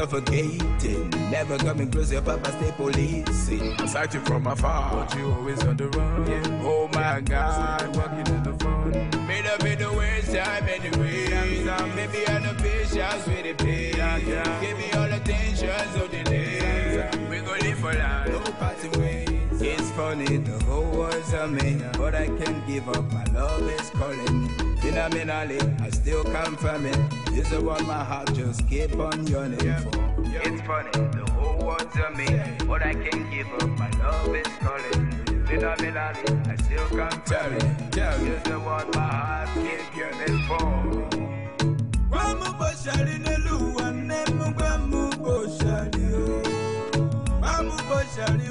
suffocating. Never coming close, your papa stay policing. I sight you from afar, but you always on the run. Yeah. Oh my God, walking in the front. Made up in the waste time anyway. Maybe I'm the patience with the pain. Yeah. Give me all the tensions of the day. We gon' live for life, no parting ways. It's funny, the whole world's a man, but I can't give up. My love is phenomenally. I still come from it. This is what my heart just keep on yearning yeah. for. Yeah. It's funny, the whole world's on me, but I can't give up. My love is calling. Phenomenally, I still come from it. This is what my heart keep yearning for. Kwamu boshali nelu, anemu kwamu boshali. Oh. Kwamu boshali.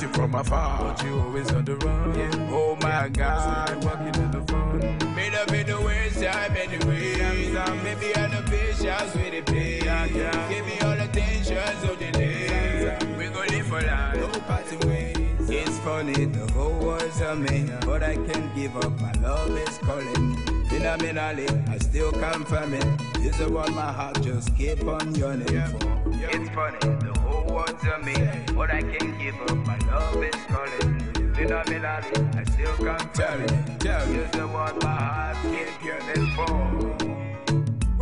watch you from afar. But you always on the run. Yeah. Oh my God, walking in the fun. Made up in the waste the anyway. Maybe I'm the patience with the pain. Yeah, yeah. Give me all the tensions of the day. We gon' live for life. No parting ways. It's funny, the whole world's a me, but I can't give up. My love is calling. Phenomenally, I still confirm it. This is what my heart just keep on yearning for. It's funny, the whole world's to me, but I can't give up. My love is calling. me, Phenomenally, I still can't tell it. Use the one my heart can't hear For.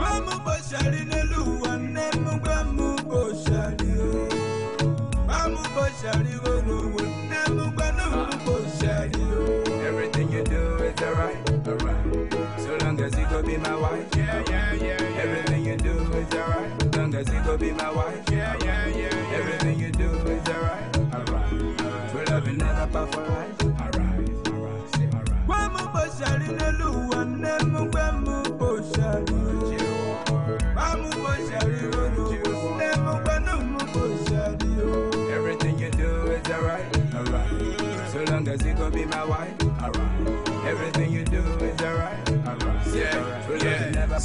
boshali boshali boshali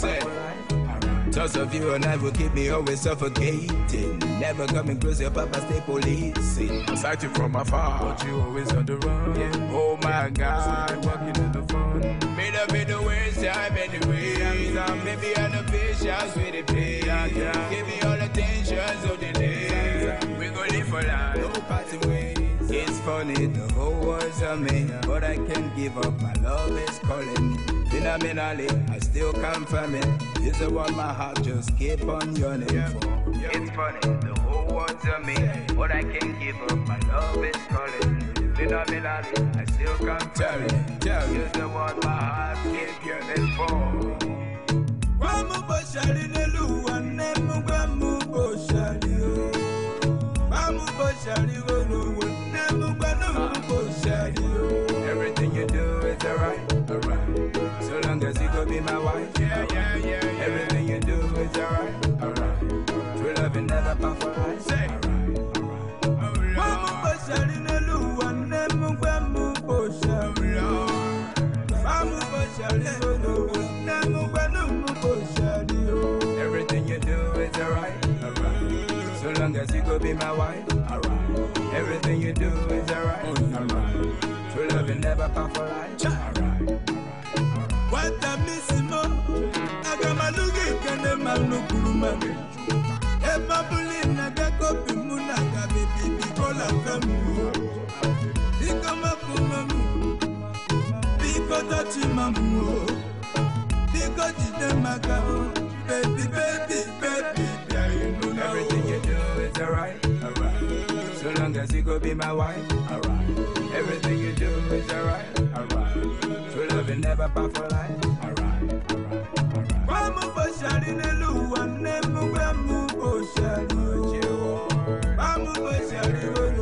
said. Thoughts of you and I will keep me always suffocating. Never coming close, your papa stay policing. I sight you from afar, but you always on the run. Yeah. Oh my God, so walking in the fun. Made up in the worst time anyway. Maybe I'm the patience with the pain. Yeah. Give me all attention, so delay. Yeah. We gon' live for life, no parting ways. It's funny, the whole world's a man, but I can't give up. My love is calling me. Phenomenally, I still confirm it. You're the one my heart just keep on yearning yeah. for. Yeah. It's funny, the whole world to me, but I can't give up. My love is calling. Phenomenally, I still confirm it. Jerry. You're the one my heart keep yearning for. Wamu boshali nelu ane mu boshali o. Oh. Wamu boshali wonu. be my wife. Yeah, yeah, yeah, yeah. Everything you do is alright. Alright. True love is never perfect. Say. Everything you do is alright, alright. So long as you go be my wife, alright. Everything you do is alright, alright. True love will never perfect, alright. no kurumare ema buli na beko bimu na ka bibi biko la femu biko makumamu biko tati mamu biko jide makao baby baby baby Everything you do is alright, alright. So long as you go be my wife, alright. Everything you do is alright, alright. True love will never part for life. Everything you do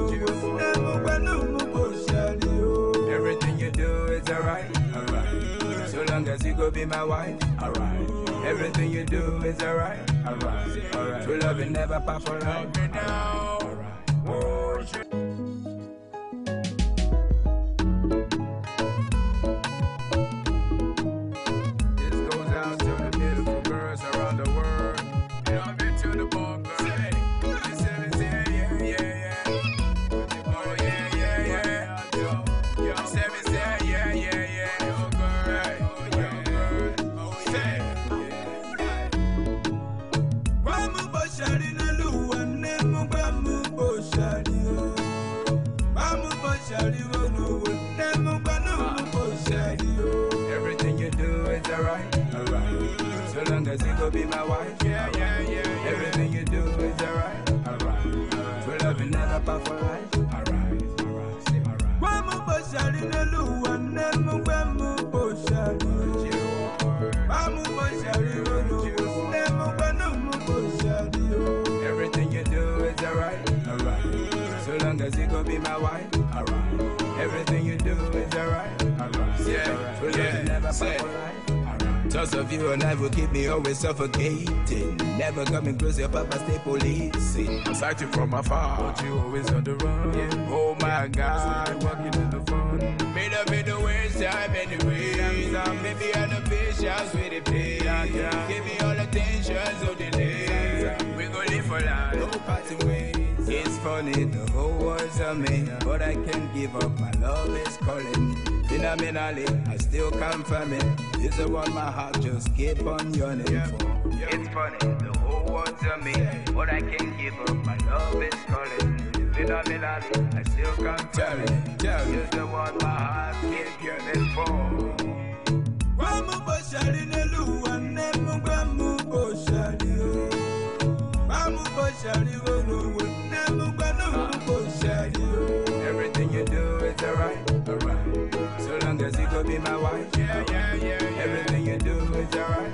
is alright, alright. So long as you go be my wife, alright. Everything you do is alright, alright. True love will never pop alright. Toss of you alive will keep me always suffocating. Never coming close, your papa stay policing. I'm searching from afar, but you always on the run. Yeah. Oh my God, walking in the phone, Made up in the worst time anyway. Maybe I'm the patience with the pain. Yeah. Give me all attention, so oh, delay. day. We gon' live for life, no parting ways. It's funny, the whole world's a me, but I can't give up. My love is calling me phenomenally. I still come from it. It's the one my heart just keep on yearning yeah. for. Yeah. It's funny, the whole world to me, but I can't give up. My love is calling. Phenomenally, I still come from it. Jerry. It's the one my heart keep yearning for. Wàmú bọ̀ ṣàrí nílùú wa. alright.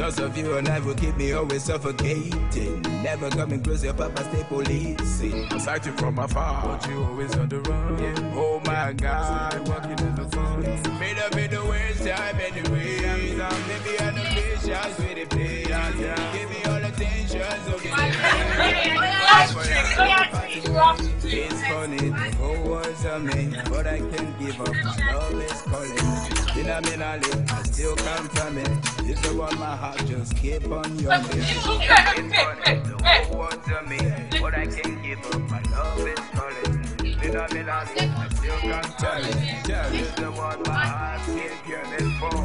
Thoughts of you and I will keep me always suffocating. Never coming close, your papa stay policing. I sight you from afar, but you always on the run. Yeah. Oh my God, walking in the sun. Made up in the waste time anyway. Maybe I'm ambitious with the players. Yeah. Give me it's funny, the whole a man, but I can't give up. Love is calling. In a minute, I still come from it. This is what my heart just keep on yearning. It's funny, the whole a man, but I can't give up. My love is calling. Phenomenally, I still come from it. This is what my heart keep yearning for.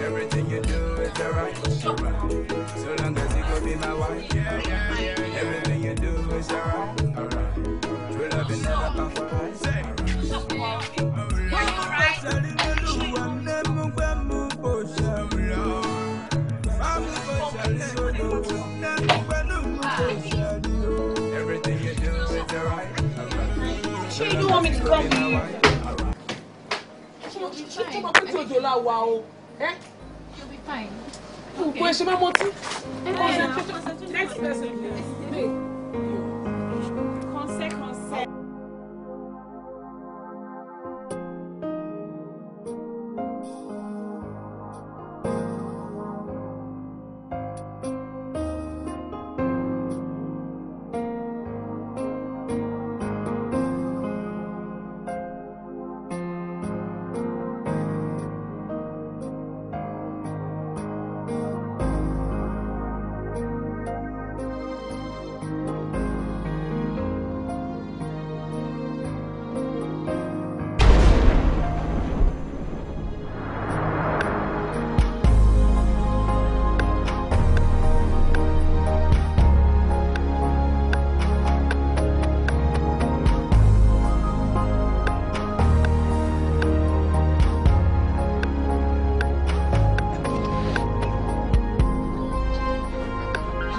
Everything you do is alright. So long as you could be my wife. Yeah, Everything you do is alright. Alright. True love is never perfect. Everything you do is alright. Sure, you don't want me to come to ṣé tó máa tí òjò la wà o ẹ. you'll be fine. gbogbo ẹ ṣe máa mọtí. next person.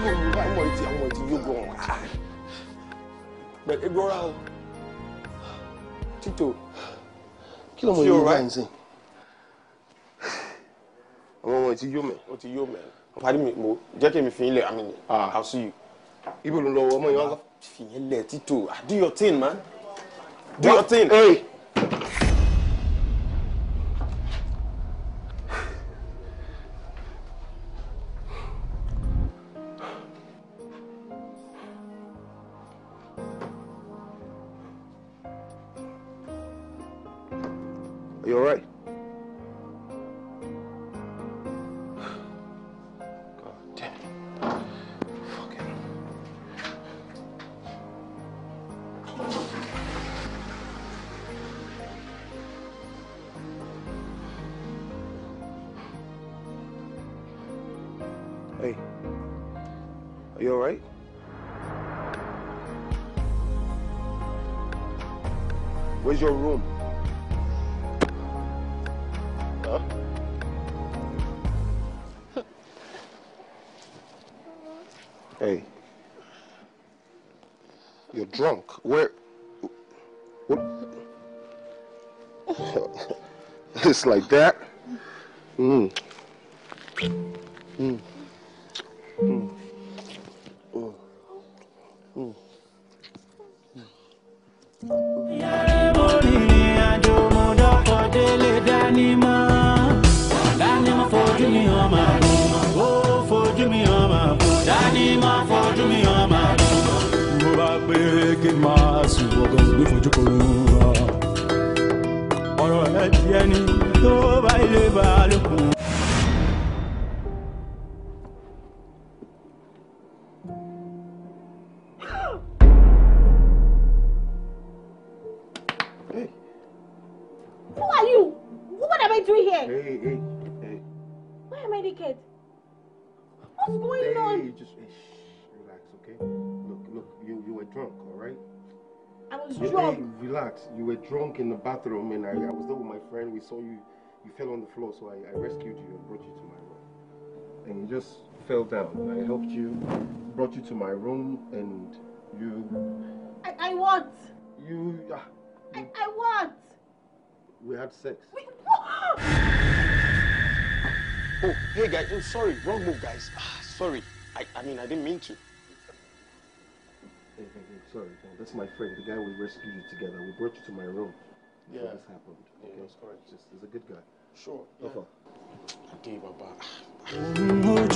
ọmọ ìtì ọmọ ìtì yóò gbọ́n bẹ̀rẹ̀ gbọ́ra o títò kí lọ́mọ yóò rà ǹsìn. ọmọ ọmọ ìtì yóò mẹ́ ó ti yóò mẹ́ pàdé mi mo jẹ́ kí mi fi ilẹ̀ I'll see you ibo ló ń lọ ọmọ yẹn wá. do your thing man do your thing. Hey. like that. relax. You were drunk in the bathroom, and I, I was there with my friend. We saw you. You fell on the floor, so I, I rescued you and brought you to my room. And you just fell down. I helped you, brought you to my room, and you. I, I what? You. Uh, you I, I what? We had sex. We, oh, hey guys, I'm oh, sorry. Wrong move, guys. Ah, sorry. I, I mean, I didn't mean to sorry, that's my friend, the guy we rescued you together. We brought you to my room. Yeah. this happened. Yeah, okay. that's correct. Just, he's a good guy. Sure. Yeah. Okay, Baba. Would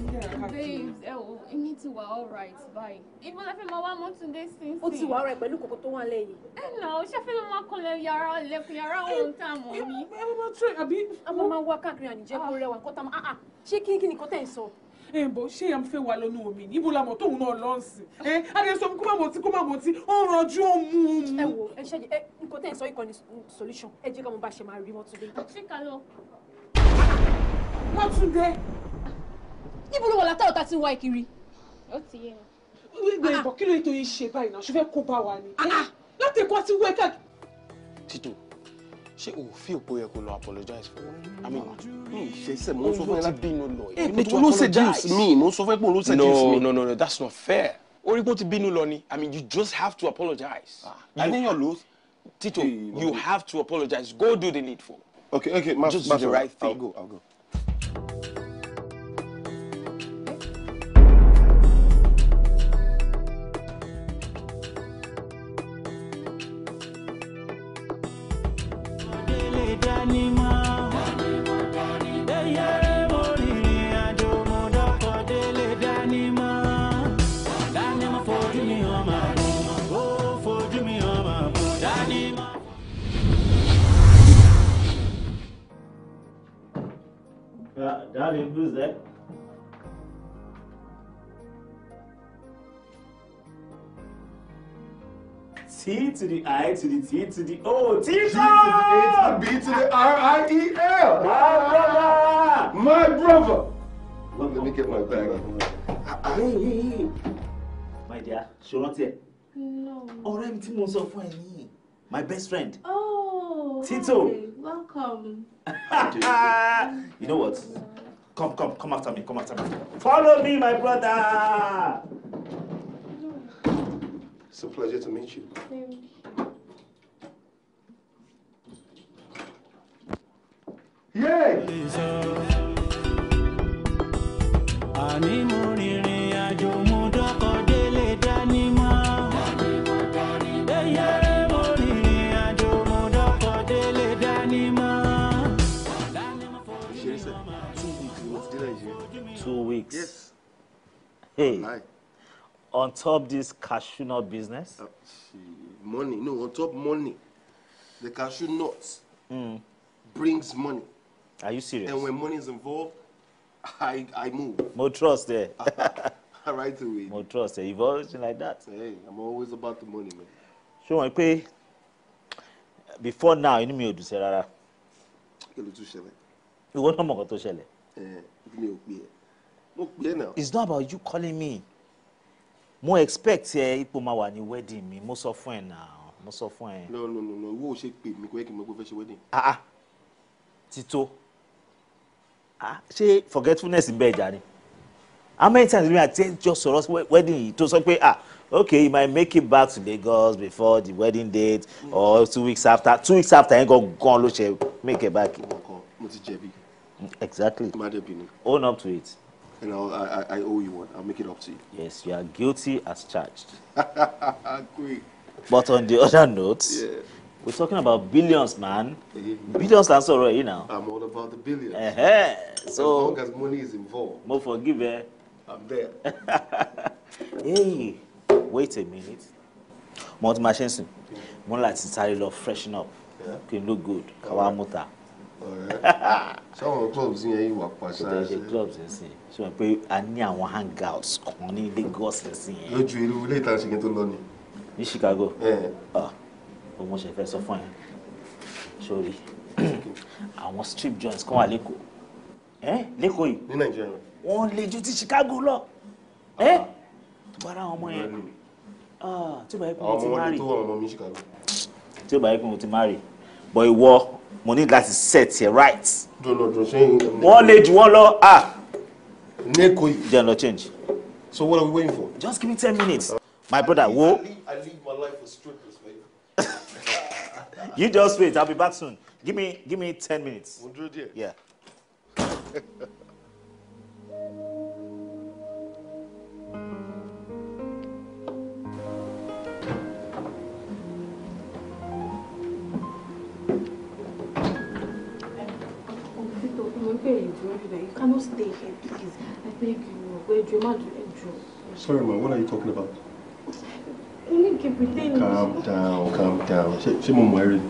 you babes ẹ wo èmi alright báyìí ibo la fẹ́ máa wá mọ́túndé sínsìn. ó ti wà alright pẹ̀lú kòkó tó wà lẹ́yìn. Eh, ẹ nà ó ṣẹ́fẹ́ ló máa kan yàrá lẹ́kùn yàrá òun tá a mọ̀ mí. ẹ bá máa tún àbí. a máa máa wá káàkiri àníjẹ́ kó ah. rẹwà kó tá a ah, ah, ṣé kí ni kí ni kó tẹ̀ ń sọ ẹ̀bọ̀ eh, ṣé à ń fẹ́ wa lọ́nu omi ní ibo la mọ̀ tóun náà lọ́n sí ẹ eh, adé sọ kó má mọ̀ tí kó má mọ̀ tí ó ń rọjú ó ń mú un mú. ẹ wo ẹ ṣe ẹ nǹkan tẹ́ ẹ sọ ikọ̀ ni solution ẹ jẹ́ ká mo bá ṣe máa rí Mọ́túndé. ṣé ká lọ. Mọ́túndé níbo ló wà látàwọn tá a ti wá ìkiri. ó ti yé mi. gbígbé ìbọn kí ló yẹ tó yẹ ṣe báyìí náà ṣe fẹ́ kó bá wa ni. láti ẹ̀kọ́ àti wẹ́ẹ̀kà. títò ṣé o fi òpó yẹ kó lọ apologize for me. I mean, mi ìṣẹ́sẹ̀ eh, mo ń sọ fún ẹ láti bínú lọ. ẹ pẹ̀lú ló ṣe juice mi mo sọ fún ẹ pé ló mi. no no no that's not fair. orí pé ó ti bínú lọ ni I mean you just have to apologize. àníyàn ló. Tito, you eh, have to apologize. Go do the needful. Okay, okay, ma, just ma, do the right thing. I'll go, I'll go. How do T to the I to the T to the O. T to the A to the B to the R I E L. My brother. My brother. Let me get my bag. My dear, ṣé o rántí ẹ? No. Ọ̀rẹ́ mi tí mo sọ fún My best friend. Oh. Tito. Hi. Welcome. you know what? Come, come, come after me, come after me. Follow me, my brother. It's a pleasure to meet you. Thank Yeah. Hey. Aye. On top this cashew nut business? Uh, money. No, on top money. The cashew nuts mm. brings money. Are you serious? And when money is involved, I, I move. More trust there. right away. More trust there. You've always been like that. Hey, I'm always about the money, man. Ṣé wọ́n pay. before now you mi me. dùn sí rárá. Kí ló tún ṣẹlẹ̀? Ìwọ náà mọ̀ nǹkan tó ṣẹlẹ̀. Ẹ ẹ́ it's not about you calling me mo expect ẹ eh, ipò máa wà ní wedding mi mo sọ fún ẹ náà mo sọ fún ẹ. no no no no wo ṣe pè mí kò yẹ kí n mọ pé ṣe wedding. ah ah tito ah ṣé forgetfulness ń bẹ ẹja ni how many times do i tell you just sọ̀rọ̀ wedding yìí tó sọ pé ah okay you might make it back to Lagos before the wedding date mm. or two weeks after two weeks after yẹn gangan ló ṣe make it back. mo ti jẹ̀bi. Mm, exactly. own up to it. And know, I, I owe you one. I'll make it up to you. Yes, you are guilty as charged. Quick. But on the other note, yeah. we're talking about billions, man. billions are so right, you I'm all about the billions. Uh-huh. So, as long as money is involved, more forgive, eh? I'm there. hey, wait a minute. Mount Machinson, mo ní láti sáré lọ freshen up. Yeah. Kí n look good. Ká wá sáwọn clubs yẹn yìí wà pàṣẹ. kò tẹ̀ ṣe clubs yẹn sìn ṣe pé a ní àwọn hangouts kan ní Lagos yẹn sìn. lójú irú ilé ìtàn ṣìkìn tó lọ ni. ní Chicago ọmọ ṣe fẹ́ sọ fún ẹ sórí àwọn strip joints kan wà lẹ́kọ̀ọ́ lẹ́kọ̀ọ́ yìí ní Nàìjíríà wọ́n lè ju ti Chicago lọ tó ah. bá ọmọ yẹn ah, tí ó bá yẹ kó mo ti má rí tí ó bá yẹ kó mo ti má rí bọ̀ ìwọ mo ní láti set ẹ right. wọ́n lè jù wọ́n lọ ah. neko yìí. jẹ́ n change. so what are we waiting for. just give me ten minutes. my brother wo. I, live my life for strippers, man. you just wait I'll be back soon give me give me ten minutes. mo dúró díẹ̀. yeah. beg you you cannot stay here, please. I beg you, Edro, Madro, Edro. Sorry, ma, what are you talking about? Calm down, calm down. She, mom worried.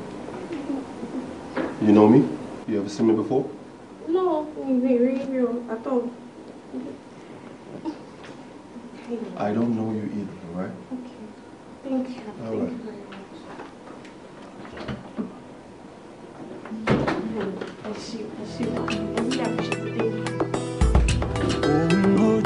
You know me? You ever seen me before? No, you at all. I don't know you either, alright? Okay. Thank you. All right. Thank right. you very much. I see, I see.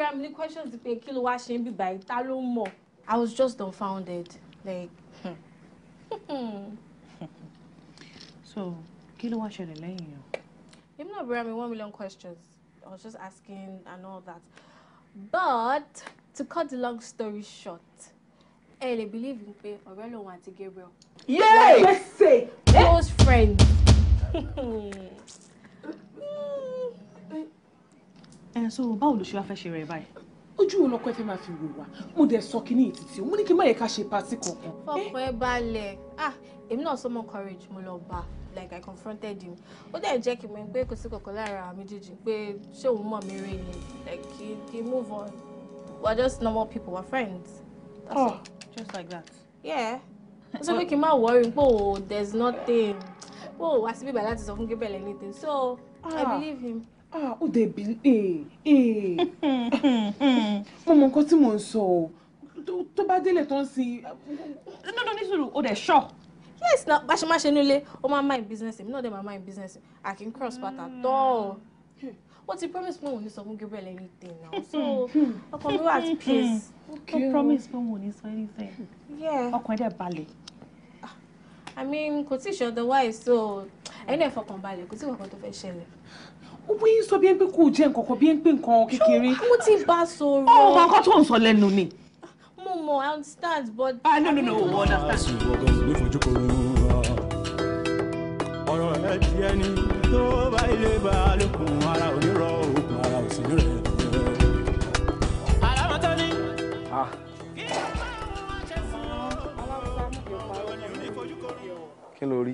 Abraham ní questions pé kí ló wá ṣe ń bìbà yìí ta ló mọ̀ I was just dumbfounded like. so kí ló wá ṣẹlẹ̀ lẹ́yìn yẹn. èmi náà bẹ̀rẹ̀ mi one million questions I was just asking and all that but to cut the long story short ẹ lè believe in pé ọ̀rẹ́ lòun àti Gabriel. yay! close friend. so báwo ló ṣe wá fẹ́ ṣe rẹ̀ báyìí. ojú wo lọkọ ẹ fẹ́ máa fi wò wá mo dẹ̀ sọ kínní ìtìtì mo ní kí n má yẹ ká ṣe pàtí kankan. fọkọ ẹ balẹ̀ ah èmi náà sọmọ courage mo lọ bá like i confronted him ó dẹ̀ jẹ́ kí n mọ̀ pé kò sí kankan lára àwọn méjèèjì pé ṣé òun mọ̀ mi rí ni like he he move on We are just normal people We are friends. oh just like that. yeah So sọ pé kí n má worry pé o oh, there's nothing pé oh, o wá síbí bàlá ti sọ fún gébẹ̀lẹ̀ anything so i ah. believe him ah ó dẹ̀ bí ee eh, eh. mo mọ nǹkan tí mò ń sọ o tó bá délé tó ń sin. dandan ní sùúrù ó dẹ̀ ṣọ́. yes na bá ṣe máa ṣe nílé ó máa mind business èmi náà dẹ̀ máa in business i can cross path at hmm. all ó ti promise pé òun ní sọ fún Gabriel anything now so hmm. ọkọ mi wà at hmm. peace. No promise pé òun ò ní sọ anything ọkàn ẹ̀ dẹ̀ balẹ̀. Ah, I mean kò tí ì ṣe otherwise so ẹ̀yin náà fọkàn balẹ̀ kò tí ì wọ́n kan tó fẹ́ ṣẹlẹ̀ ó bóyá ń sọ bí ẹ ń pé kó jẹ nǹkan kan bí ẹ ń pé nǹkan kékeré. mo ti bá a sọ̀rọ̀. ó mọ nǹkan tó ń sọ lẹ́nu ni. mo mọ i understand but. ah no no no o understand. kí ló rí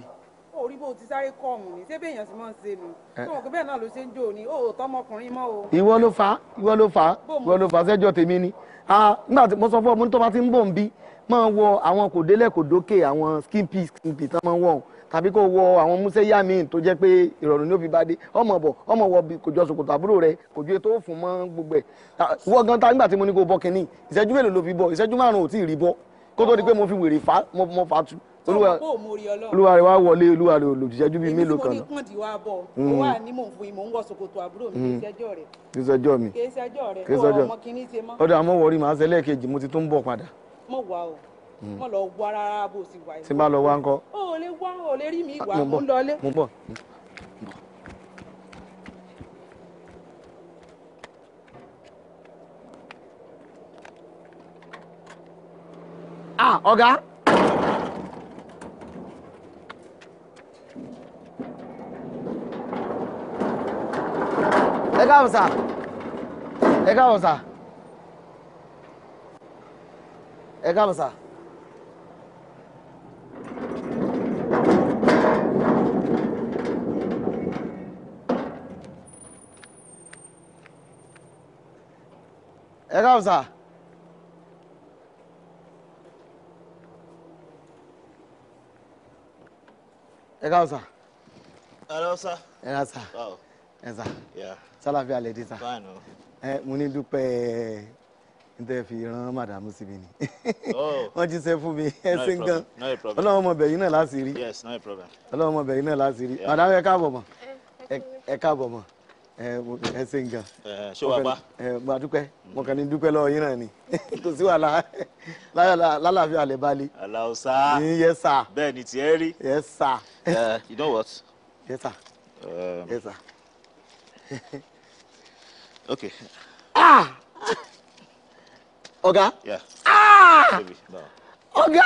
orí bó ti sáré kọ ọ̀hún ni ṣé bẹ́ẹ̀yàn sì máa ń ṣe nu tó mọ̀ pé bẹ́ẹ̀ náà ló ṣe ń jó ni ó tọmọkùnrin mọ́ o. ìwọ ló fà á ìwọ ló fà á ìwọ ló fà á sẹ́jọ́ tèmi ni nígbà tí mo sọ fún ọ tó bá ti ń bọ̀ ń bí máa wọ àwọn kò délẹ̀ àwọn skin piece skin piece tán máa ń wọ̀ ọ́n tàbí kó wọ àwọn músẹ́yà míì tó jẹ́ pé ìrọ̀rùn ni ó fi bá dé ọmọ bọ̀ ọmọ wọ kò jọ ṣòkòtò àbúrò rẹ kò ju ètò òfun mọ́ gbogbo ẹ̀ wọ́n gan ta nígbà tí mo ní kó bọ́ kínní ìṣẹ́jú mélòó ló fi bọ́ ìṣẹ́jú márùn ò tí ì rí bọ́ kó tó di pé mo fi wèrè fà mo fà tu olúwa olúwa rẹ wá wọlé olúwa rẹ olùdíjẹjú bíi mélòó kan. èmi tí mo ní kàndí wá bọ̀ ó mm-hmm. wà ní mò ń fún yín mò ń wọ ṣòkòtò àbúrò mi kì í mm-hmm. ṣẹjọ́ rẹ̀. kì í ṣẹjọ́ mi kì í ṣẹjọ́ rẹ̀ kì í ṣẹjọ́ ọmọ kìíní ṣe mọ́. ọ̀dọ̀ àmọ́ wọrí màá ṣe lẹ́ẹ̀kejì mo ti tún bọ̀ padà. mo wà o mm. mo lọ wá rárá bó ti wà. tí n bá lọ wá ń kọ́. o ò lè wá o ò lè rí mi ìwà mo ń lọ mo ń bọ̀ ah Legal, Egausa, Legal, Egausa, Legal, moçada. Legal, moçada. Legal, moçada. Legal, Legal, ẹ sà sálàfí alẹ́ dé sà ẹ mo ní dúpẹ́ nítorí fi ran màdàmú síbi ni oh. wọ́n jíṣẹ́ fún mi ẹ ṣe ń gan ọlọ́run ọmọbẹ̀yìn náà láti rí ọlọ́run ọmọbẹ̀yìn náà láti rí màdàmú ẹ káàbọ̀ mọ̀ ẹ káàbọ̀ mọ̀ ẹ ṣe ń gan ṣé wàá bá mo àdúpẹ́ mm. mo kàn ní dúpẹ́ lọ́wọ́ yín náà ni kò sí wàhálà lálàáfíà alẹ́ balẹ̀ aláùsá yes sir bẹ́ẹ̀ ni tiẹ́ rí yes sir eh, you know what yes sir um, yes sir. okay. Ah! Oga. Yeah. Ah! Baby, no. Ọ̀gá!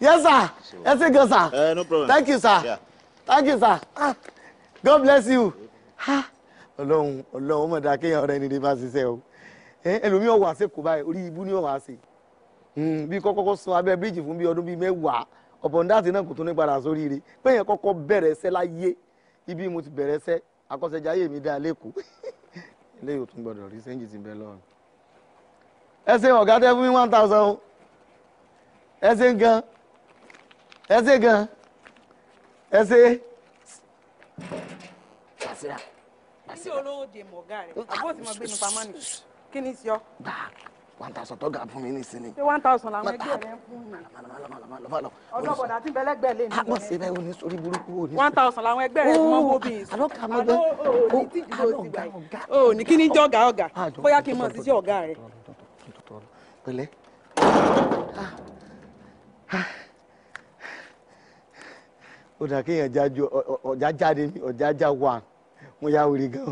Yes, sir. Sure. Yes, sir, sir. Uh, no problem. Thank you, sir. Yeah. Thank you, sir. Ah. God bless you. Ọlọ́run Ọlọ́run ó da dáa kéèyàn re ni ní bá se o. Ẹlòmíì ọ̀wà ṣèkó báyìí orí ibú ní ọ̀wà ṣe. Bí kọ́kọ́kọ́ sun abẹ́ bíríjì fún bí ọdún bíi mẹ́wàá ọ̀pọ̀ ń dáàtì náà kò tún ní padà sóríire. Péyàn kọ́kọ́ bẹ̀rẹ̀ ṣẹ́ láyé ibi mo ti bẹ̀rẹ̀ ṣẹ́ akọ́sẹ̀jáyé mi dá lẹ́kọ̀ọ́ eléyìí ò tún gbọ́dọ̀ rí sẹ́ńjì ti bẹ́ lọ́rùn. ẹ ṣe ọ̀gá tẹ́ fún mi one thousand ẹ ṣe gan ẹ ṣe gan ẹ ṣe. olówó de mọ̀gá rẹ̀ ah, àbó tí mo gbé nípa mọ́ni kí ni sọ one thousand tó ga fún mi nísìnyí. ṣé one thousand làwọn ẹgbẹ́ rẹ ń fún mi. ọ̀dọ́bọ̀dà tí bẹ́lẹ́gbẹ́ lè ní. àmọ́ síbẹ̀ o ní sórí burúkú o ní. one thousand làwọn ẹgbẹ́ rẹ ti mọ́ wo bíi. àlọ́ kà mọ́ bẹ́ẹ̀ o ní tíjú ló ti gbà yìí. o ní kí ni jẹ́ ọ̀gá ọ̀gá ah, bóyá kí n mọ̀ sí sí ọ̀gá rẹ. pẹ̀lẹ́ ah. Ah. ó dà kéèyàn jájú ọ̀já jáde ọ̀já já wà mo yá wuli gan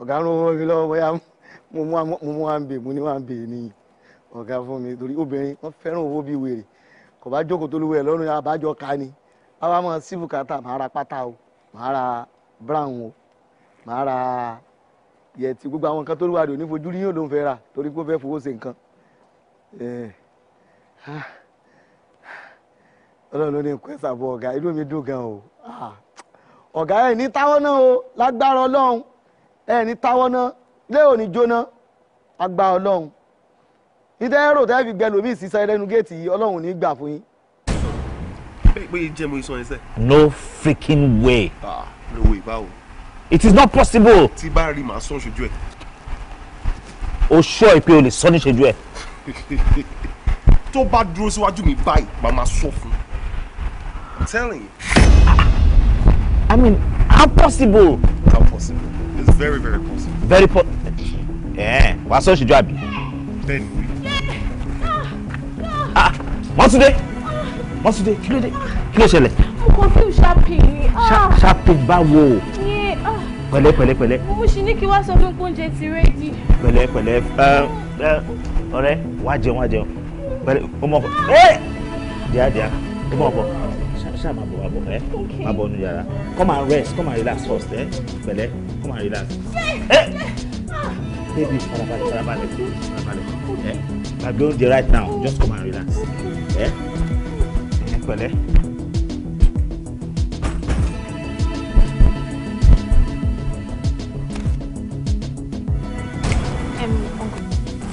ọ̀gá ń rún owó mi lọ́wọ́ mo mú mo mú one bay mo ní one bay ní ọ̀gá fún mi torí obìnrin wọ́n fẹ́ràn owó bíi wèrè kò bá jókòó tó lówó ẹ̀ lọ́rùn àbájọ ká ni àwa mọ̀ sífù kàtà màá ra pátá o màá ra brown o màá ra yẹtì gbogbo àwọn nǹkan tó lówó àdó nífojú rí yóò ló ń fẹ́ rà torí pé ó fẹ́ fowó ṣe nǹkan ọlọ́run ló ní kó ẹ̀sà bọ ọ̀gá inú mi dùn gan o ah, ọ̀gá ẹ̀ ní táwọ́ náà o lágbára ọlọ́run ẹ̀ ní táwọ́ náà lé òní jóná àgbà ọlọ́run ìtẹ́ ẹ̀rọ tẹ́ fi gbẹlò mí ìsísá ẹlẹ́nu géètì yìí ọlọ́run ní gbà fún yín. bẹ́ẹ̀ pé jẹ́ mo sọ ẹ no freaking way. Ah, no way báwo. it is not possible. tí bá rí màá sọ ṣojú ẹ. o sọ ìpè o lè sọ ní ṣojú ẹ. tó bá dúró síwájú mi báyìí màá máa sọ fún un. I'm telling you. I mean, how possible? How possible? very very possible. very possible. Eh, ẹ̀ẹ́n wàá sọ́ọ̀ṣì jọ àbí. bẹ́ẹ̀ni wí. ah mọ́túndé mọ́túndé kí ló dé kí ló ṣẹlẹ̀. mo kàn fíìmù ṣáàpìn ni. ṣáàpìn báwo. Ah. pẹ̀lẹ́ pẹ̀lẹ́ pẹ̀lẹ́. mo ṣì ní kí wá sọ fún oúnjẹ ti rẹ́dí. pẹ̀lẹ́ pẹ̀lẹ́ eh, eh, ọ̀rẹ́ wá jẹun wá jẹun pẹ̀lẹ́ ọmọ ọkọ ẹ díà díà ọmọ ọkọ ṣáà máa bọ̀ wá bọ̀ ẹ́ eh? máa bọ̀ nínú yàrá come and rest come and relax first ẹ́ eh? pẹ̀lẹ́ come and relax. Eh! baby farabalẹ̀ farabalẹ̀ farabalẹ̀ ẹ́ na be on the right now just come and relax eh. pẹ̀lẹ́. Um,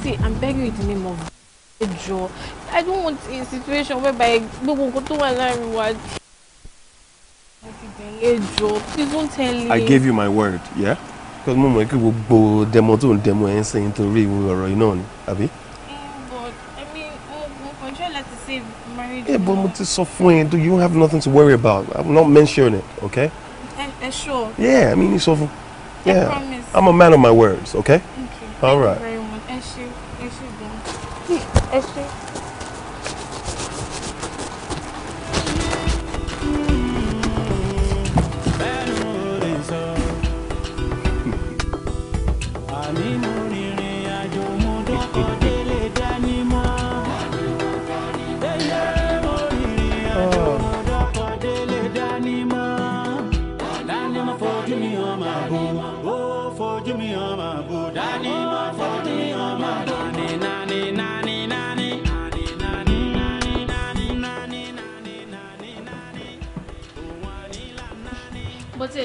see, I'm begging you in the name of ẹ i don't want a situation whereby gbogbo nǹkan tó wà láàrin wa. ẹ jọ̀ọ́ please don't tell me. i gave you my word yeah because mo mọ̀ pé gbogbo demo tó ń demo ẹ̀ ń sẹ́yìn torí ìwé ọ̀rọ̀ yìí náà ni àbí. Mm, but i mean mo control láti save marriage. yeah but mo ti sọ fún you don't have nothing to worry about i'm not mentioning it okay. ẹ ẹ sure. yeah i mean it's sọ yeah i promise. i'm a man of my words okay. okay all right. you very much ẹ ṣe. I mean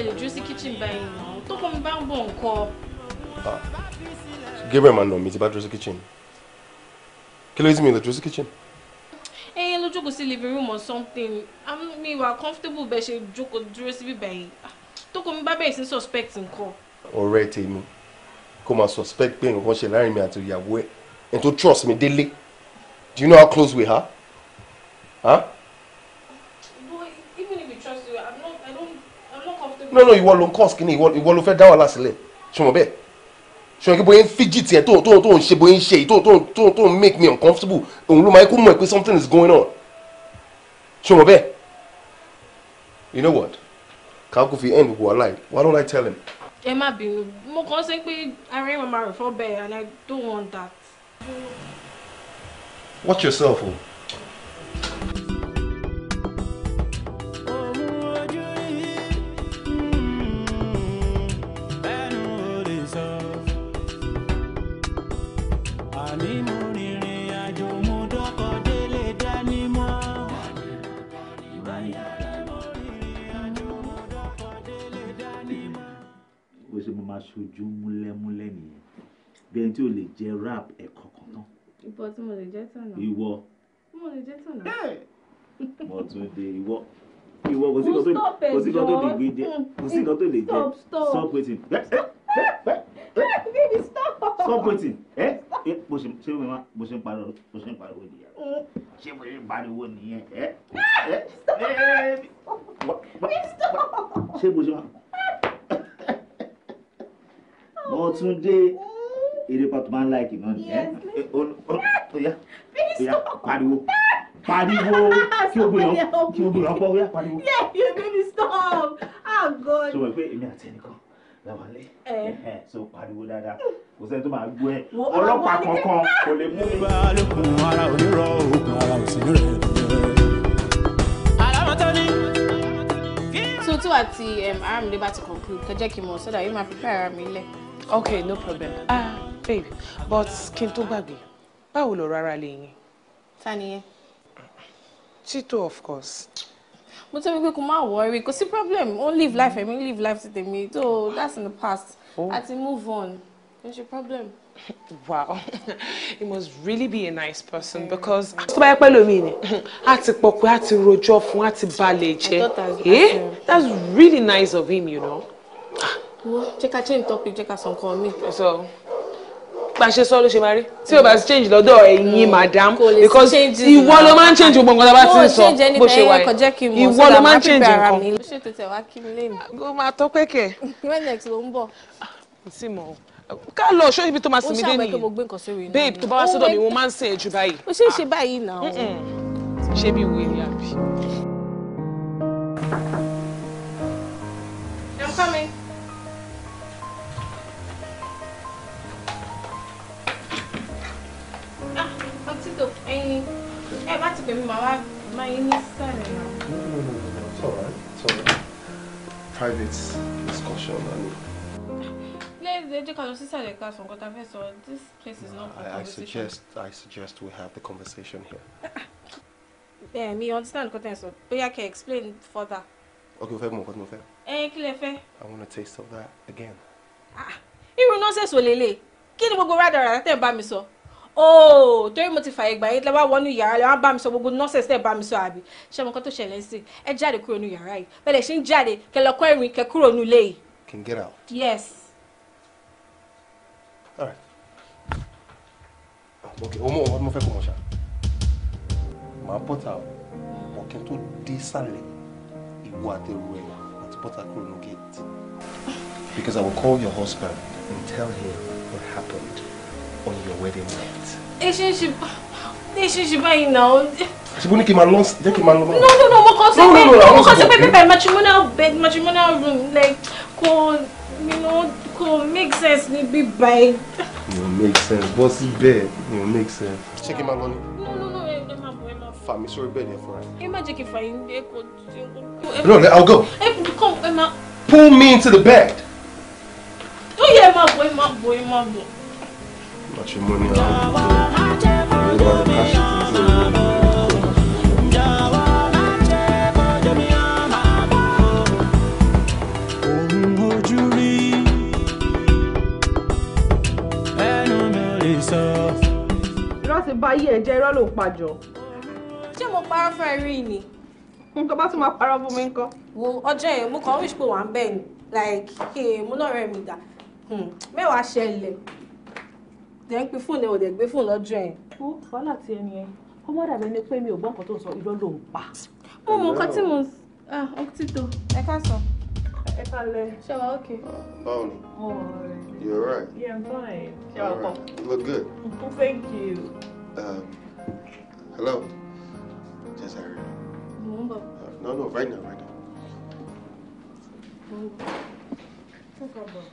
tiẹ̀ lè dúró sí kitchen báyìí náà tó kọ́ mi bá ń bọ̀ nǹkan. Ah, Gabriel máa nà mí bá dúró kitchen kí ló dé tí mi lè dúró sí kitchen. ẹyin ló jókòó sí living room or something mi wà comfortable bẹ́ẹ̀ ṣe jókòó dúró síbí báyìí ah, tó kọ́ mi bá bẹ̀rẹ̀ sí suspect nǹkan. ọ̀rẹ́ tèmi kó máa suspect pé nǹkan ṣe láàrin mi àti ìyàwó ẹ̀ ẹ̀ tó trust mi délé do you know how close we are? Huh? no no ìwọ ló ń cause kínní ìwọ ló fẹ́ dá wàhálà sílẹ̀ ṣùgbọ́n bẹ́ẹ̀ ṣùgbọ́n kí bóyá ń fidget yẹn tó tó tó ń ṣe bóyá ń ṣe tó tó tó tó ń make me uncomfortable òun ló máa kó mọ̀ pé something is going on ṣùgbọ́n bẹ́ẹ̀ you know what kàákù fi end wò wàhálà yìí why don't I tell him. ẹ má bínú mo kàn ṣe pé ara ẹ̀ máa rẹ̀ fọ́ bẹ́ẹ̀ and I don't want that. watch yourself o. Oh. aṣojú múlẹ́múlẹ́ nìyẹn bí ẹni tí ò lè jẹ rap ẹ̀kọ́ kan tán. ìbọn tí mo lè jẹ tọ̀nà. ìwọ. mo lè jẹ tọ̀nà. mo tún dé ìwọ ìwọ kò sí kan tó lè gbé jẹ mm, kò sí kan tó lè mm. jẹ stop wetin. Eh, eh, eh, baby stop. stop wetin bó ṣe ṣe wọn bó ṣe ń pariwo bó ṣe ń pariwo nìyẹn mm. ṣé bó ṣe ń pariwo nìyẹn ẹ ẹ ẹ ṣé bó ṣe ń pariwo. Ọ̀túndé eré pàtó máa ń láìkì náà nìyẹn ọ̀yà ọ̀yà pariwo pariwo kí o gbìyànjú oh. kí o gbìyànjú pọ̀ ọ̀yà pariwo. yeah you baby stop ah god. pé èmi àti ẹnìkan làwálé eh. ẹ̀ so pariwo dáadáa kò sẹ́ni tó máa gbọ́ ẹ ọlọ́pàá kankan kò lè mú mi. balùkùn ara ò ní rọ òògùn ara ò sí ní rẹ̀. alámọ̀tọ́ni. tuntun um, àti aramide bá ti conclude kẹjẹ kí n mọ̀ sọ́dọ̀ yìí máa fi fẹ́ ara mi lẹ̀ okay no problem ah babe but kí n tó gbàgbé báwo lọ rárá lè yín. ta of course. mo tẹ́ mi pé kó má wọrí kò sí problem ó live life ẹ̀mí ń live life ti tèmi so that's in the past oh. àti move on no ṣe problem. wow he must really be a nice person because. tó bá yẹ ni a ti pọ̀ pé a ti rojọ́ fún a ti balẹ̀ jẹ́ eh that's really nice of him you know. Check jẹ́ change topic jẹ́ ká sọ nǹkan mi. sọ bá a ṣe sọ ló ṣe máa rí tí o bá ti madam because ìwọ ló máa ń change You nǹkan tá a bá ti ń sọ bó ṣe wà yẹn ìwọ ló change nǹkan. ó ṣètò tẹ̀wá kí n next ló ń bọ̀. kò sí mọ́ o ká lọ babe to bá wá sọ́dọ̀ mi wọ́n oh máa ń sìn ẹ̀jú báyìí. ó ṣe é ah. ṣe báyìí náà. ṣé bí wo I'm coming. ẹyin ẹ bá ti pè mí màá máa yín ní sàlẹ̀ náà. it's alright it's alright private discussion Let's take a look the class on Kotafeso. This place is not I, suggest I suggest we have the conversation here. Yeah, me understand so But I can explain further. Okay, fẹ́ mọ̀ nǹkan tí Eh, fẹ́. I want a taste of that again. Ah, irú nọ́ọ̀sẹ̀sì ò lélẹ̀. Kí ni gbogbo rádàrà tẹ̀ ń bá me so ooo oh, torí mo ti fààyè gbà yín lọ́wọ́ wọnú yàrá lọ́wọ́ bá mi sọ gbogbo nọ́ọ̀sẹ̀sì tẹ̀ bá mi sọ àbí ṣé mo kọ́ tó ṣẹlẹ̀ sí ẹ jáde kúrò nù yàrá yìí bẹ́ẹ̀ lè ṣe ń jáde kẹ lọ kọ́ ìrìn kẹ kúrò nù lé Can get out. Yes. All right. Ah, ok ọmọ ọmọ fẹ́ kọ́ mọ̀ ṣá màá bọ́tà ọ̀kẹ́ tó dé sálẹ̀ ìwọ àtẹrù ẹ̀ àti bọ́tà kúrò nù gate. Because I will call your husband and tell him what happened on your wedding night. Relationship báyìí náà. Ṣebú She kí n máa lọ jẹ́ kí n máa lọ. No no no mo kàn sọ pé mo kàn sọ pé pépè matrimonial bed matrimonial room like kò you know kò make sense ní bíbá ẹ. Yóò make sense bọ́ sí bẹ́ẹ̀ yóò make sense. Ṣé kí n máa lọ ni? No no no ẹ máa bọ̀ ẹ máa fà mí sórí bẹ́ẹ̀ ni ẹ fọ́ra. Ẹ má jẹ́ kí fà yín ẹ kò. No I'll go. Ẹ kàn ẹ máa. Pull me into the bed. Ó oh, yẹ ẹ máa bọ̀ ẹ máa bọ̀ ẹ máa bọ̀ patrimonial. Everybody cash it in the irọ́ ti ba ayé ẹ̀ jẹ́ irọ́ ló pàjọ. ṣé mo parọ́ fún ẹ rí ni. nǹkan bá tún máa parọ́ fún mi ńkọ́. wo ọjọ́ yẹn mo kàn wish pé wà ń bẹ̀ ni like mo lọ́rẹ̀ẹ́ mi dà hmm, mẹ́wàá ṣẹlẹ̀ dẹ̀ ń pe fóònù ẹ̀ ò dẹ̀ gbé fóònù lọ́jọ́ ẹ̀. ó wàhálà ti ẹni ẹ ó mọ́ dàbí ẹni pé mi ò gbọ́ nǹkan tó ń sọ irọ́ ló ń pa. mo mọ nǹkan tí mo ń ah, títò ẹ ká sọ. ẹ ká lẹ. ṣé wàá okay. báwo ni. mo wà rẹ. you alright. ṣé wàá kọ. you look good. well mm-hmm. thank you. Um, hello. jẹ́ sáré. mo ń bọ̀. Uh, no no right now right now. mo ń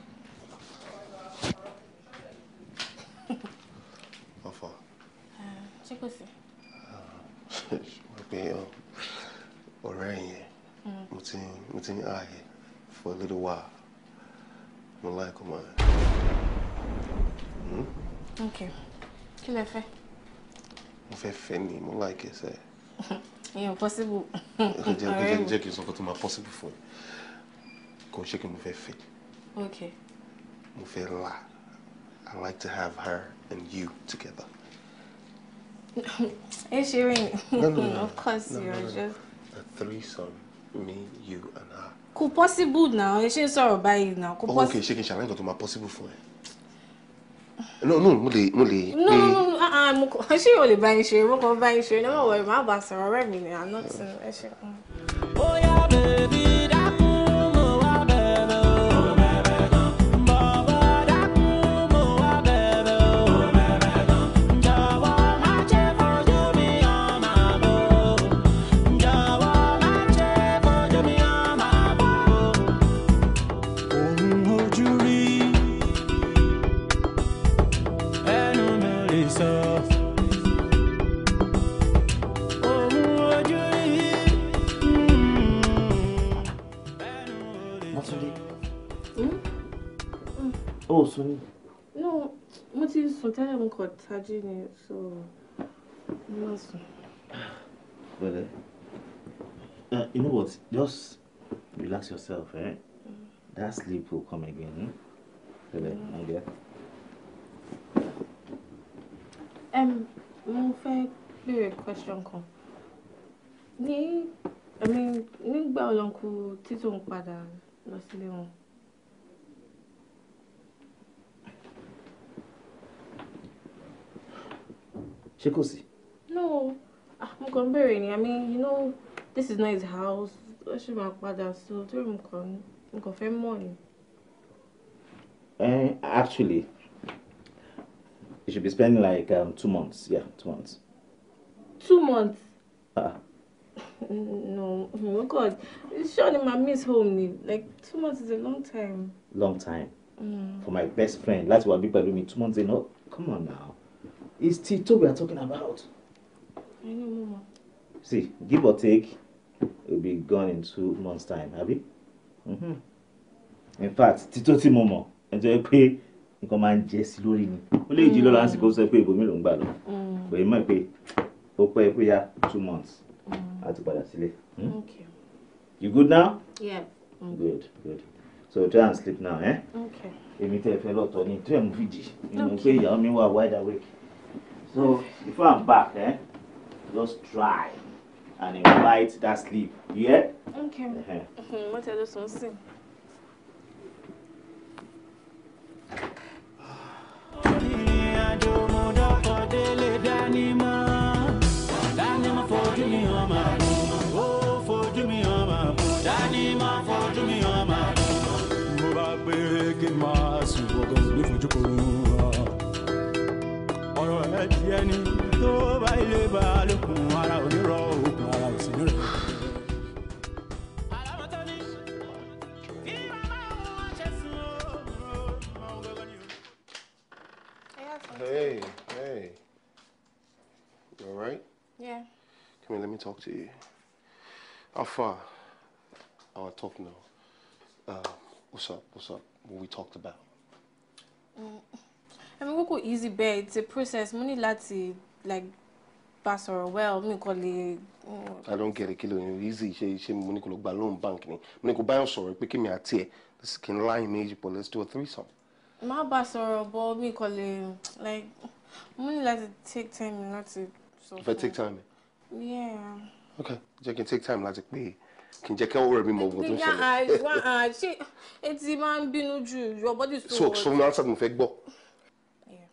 ṣé kò sí. ṣùgbọ́n pé ọ̀rẹ́ yẹn mm. mo ti mo ti ní ààyè for a little while mo like ọmọ rẹ. Hmm? ok kí lẹ fẹ́. mo fẹ́ fẹ́ ni mo like ẹ sẹ́ẹ̀. ìyẹn possible. jẹ́ kí jẹ́ kí n sọ fún tó máa possible fún ẹ kò ṣe kí mo fẹ́ fẹ́. ok. mo fẹ́ la I like to have her and you together. It's your ring. No, no, no. Of course, no, you're no, no. just. The threesome, me, you, and her. Kò possible now. Ẹ ṣe sọ̀rọ̀ báyìí now. Kò possible. Oh, okay, ṣé kí n ṣàlàyé nǹkan my possible fún ẹ. No, no, mo lè, No, no, no, ah, mo kò, ṣé o lè bá yín ṣe, mo kò bá yín ṣe, ní mo wọ̀ I'm not, ẹ ṣe. Bóyá. sùn ni. no mo ti sùn tẹ́lẹ̀ mo kàn tají ni so mo máa sùn. bẹ̀rẹ̀ uh, you know what just relax yourself eh? that sleep will come again. Hmm? bẹ̀rẹ̀ mo gẹ́. mo fẹ́ béèrè question kan ní ẹ̀mí nígbà ọlọ́nkú títún padà lọ sílé wọn. ṣé kò sí. no ah, mo kàn bèrè ni i mean you know this is not his house ó ṣì máa padà so torí mo kàn mo kàn fẹ́ mọ̀ ni. Eh, actually you should be spending like um, two months yeah two months. two months. uh no, oh God, surely my miss home ni like two months is a long time. Long time. Mm. For my best friend, láti wà bí pẹ̀lú mi two months in. Oh, come on now. Is Tito we are talking about. I know, Mama. See, give or take, it'll be gone in two months' time, àbí? Mm-hmm. In fact, Tito ti mo mọ̀, ẹni tó yẹ pé nǹkan máa ń jẹ you lórí ni. Ó lè jí lọ́la àsìkò sọ pé ìbomi ló ń gbà lọ. Mm. Bẹ̀rẹ̀ mọ̀ pé ó two months. Mm. A ti padà sílé. Hmm? Okay. You good now? Yeah. Mm. Good, good. So try and sleep now, eh? Okay. Èmi tẹ́ ẹ fẹ́ lọ́tọ̀ ni, tí ẹ̀ mú fìdí. Ìmọ̀ pé ìyàwó mi wà wide awake. So before I'm back, eh, just try and invite that sleep. Yeah? Okay. Uh-huh. What are those ones? talk to you. Alpha, our oh, talk now. Uh, what's up? What's up? What we talked about? Mm. I mean, kò easy bẹ́ẹ̀. It's a process. Money ní like bá or well. Mi call lè. Mm. I don't get it. kilo. easy? She, she, money ní Balloon bank ni? money, ní kò báyọ̀ sọ̀rọ̀ pé kí mi àti ẹ̀ kí n láì let's do a threesome. My bá or bọ́ mi call lè like money ní take time láti sọ fún mi. take time. Yeah. Okay, jẹ́ kí n take time láti pè é kì í jẹ́ kẹ́wọ́ rẹ̀ mi mọ ogun tó ń ṣẹlẹ̀. ṣé etí máa ń bínú ju your body so. so so answer sábà mo fẹ́ gbọ́. okay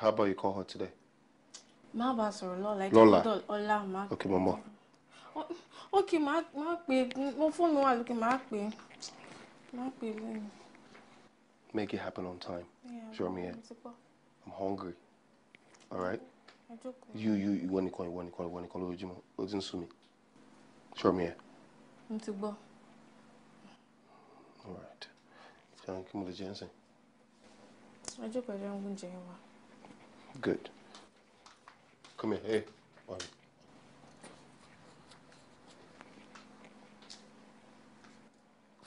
how about you call her today. má bàa sọ̀rọ̀ lọ́la ẹ̀ jẹ́ ọ̀la má. okay mama. okay má má pè mo fún mi wà lókè má pè má pè lẹ́yìn. make it happen on time. Yeah, show me it. I'm hungry. all right. Okay you you ìwọ nìkan ìwọ nìkan ìwọ nìkan lójoojúmọ́ ó ti ń sú mi show me here. mo ti gbọ́. all right ìfẹ́ kí mo lè jẹ́ ǹsìn. ọjọ́ pẹ̀lú ẹ̀rọ oúnjẹ wa. good come here hey wá mi.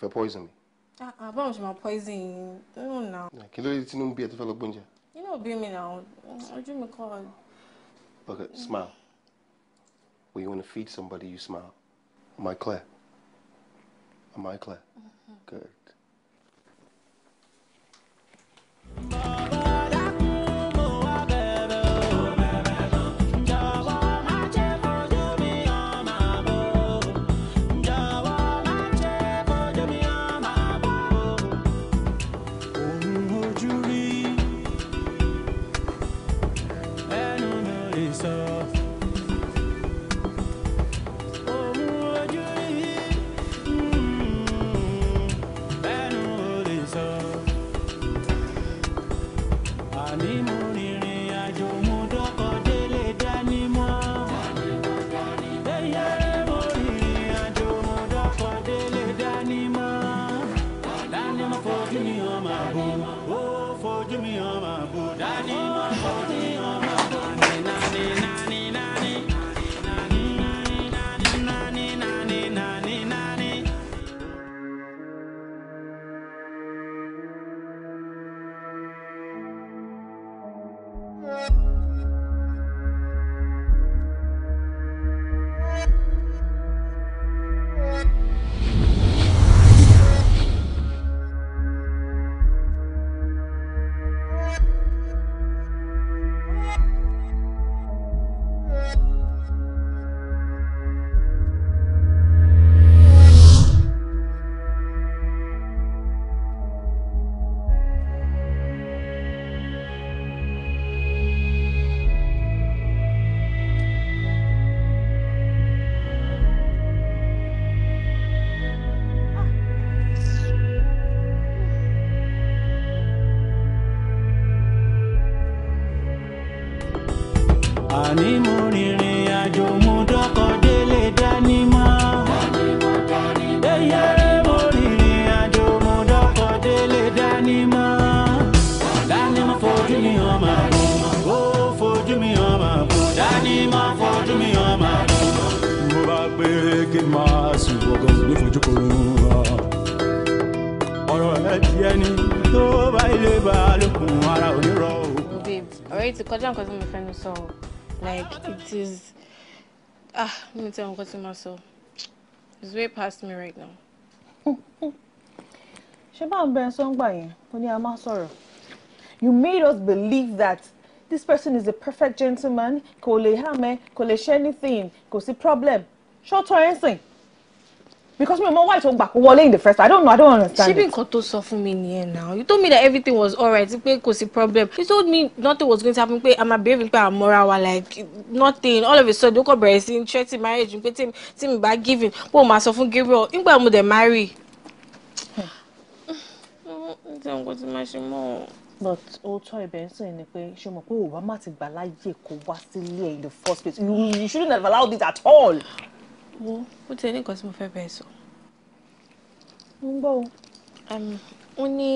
fẹ́ poison mi. àbá mo ṣe máa poison yín nínú náà. kí ló dé tí inú ń bí ẹ tó fẹ́ lọ gbóúnjẹ. inú òbí mi náà ojú mi kọ́ ọ. Look at smile. When you want to feed somebody, you smile. Am I clear? Am I clear? Mm-hmm. Good. Mama. mi hàn máa bù ó fojú mi a lókun ara ò like it is ah let mi tẹ nǹkan tí mo sọ it's way past me right now. ṣé báwo bẹ́ẹ̀ sọ́ngbà yẹn ó ní a máa sọ̀rọ̀. You made us believe that this person is a perfect gentleman kò lè harm ẹ kò lè ṣe anything kò sí problem ṣọ́tọ̀ ẹ̀ ń sìn because mi ò mọ why tó gbà kó wọlé in the first I don't know I don't understand it. ṣíbí nǹkan tó sọ fún mi nìyẹn now you told me that everything was alright pé kò sí problem you told me nothing was going to happen pé àmà bèbí pé àmọ́ra wa like nothing all of a sudden ó kọ̀ bẹ̀rẹ̀ sí threaty marriage pé tí mi bá giving pé o máa sọ fún Gabriel nígbà mo dẹ̀ marry. ǹjẹ́ nǹkan ti máa ṣe mọ́ ọ but òótọ́ ibẹ̀ ń sìn ni pé ṣé o mọ̀ pé Obama ti gbà láyè kó wá sílé ẹ̀ in the first place you, you shouldn't have allowed this at all. wo ó ti ní nǹkan tí mo fẹ́ bẹ́ẹ̀ sọ. mo ń gbọ́ o. Um, ó ní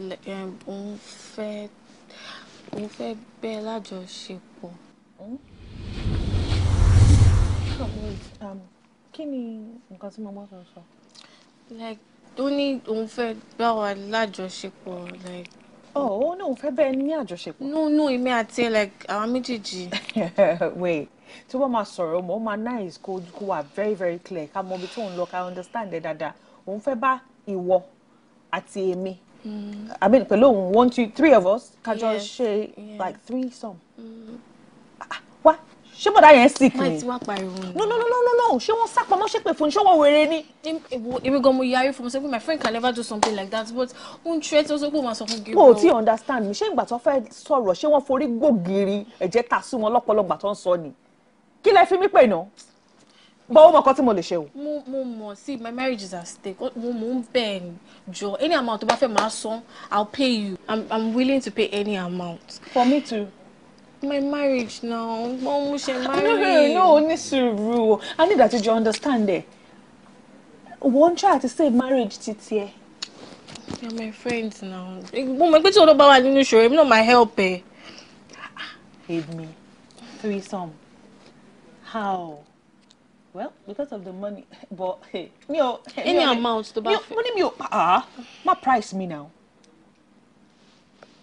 um, òun fẹ́ òun fẹ́ bẹ́ẹ̀ lájọṣepọ̀. Hmm? Oh, um, kí ni nǹkan tí mo mọ́ sọ sọ. ó ní òun fẹ́ bá wa lájọṣepọ̀ like oh òun oh, oh, náà fẹ́ bẹ́ẹ̀ ní àjọṣepọ̀. nú nú èmi àti ẹ like àwọn méjèèjì. wait tí wọ́n máa sọ̀rọ̀ mọ́ ó máa nice kó kó wà very very clear ká mọ ibi tí òun lọ ká understand ẹ dáadáa òun fẹ́ bá ìwọ àti èmi mm. i mean pẹ̀lú òun one two three of us kájọ ṣe like three some. Mm. Ah, ah, wá ṣé bọ̀dá yẹn sick ni. máa ti wá pariwo ni. no no no no no ṣé wọ́n sápamọ́ ṣépè fún ṣé wọ́n wèrè ni. èmi gan mo yarí fún mi sọ pé my friend can never do something like that but ó ń ṣe tí ó sọ pé ó máa sọ fún gírí. o ti understand mi ṣé ìgbà tó fẹ́ sọ̀rọ̀ ṣé wọ́n forí gbògiri ẹ̀jẹ̀ ta sí wọn lọ́pọ̀lọpọ̀ tó ń sọ ni kí lẹ fi mí pè náà bọ́ ó mọ nǹkan tí mo lè ṣe o. mo mo mọ sí my marriage is at stake mo mo ń bẹ̀ jọ any amount tó bá fẹ́ máa san I'll pay you I'm I'm willing to pay any amount. for me too my marriage now mo mo marry. no no no ní sùúrù i need that you understand ẹ wọ́n try to save marriage ti tiẹ̀. you my friend now mo mọ̀ pé tí o ló bá wà nínú ìṣòro èmi náà máa help eh? give me three some how well because of the money but hey mi any amount tó bá fẹ́. mo ní mi ah, price me now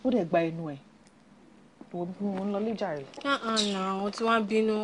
ó dẹ̀ gba ẹnu ẹ̀ wo bí mo ń lọ lé jàre. ọ̀nà àwọn tí wọ́n bínú.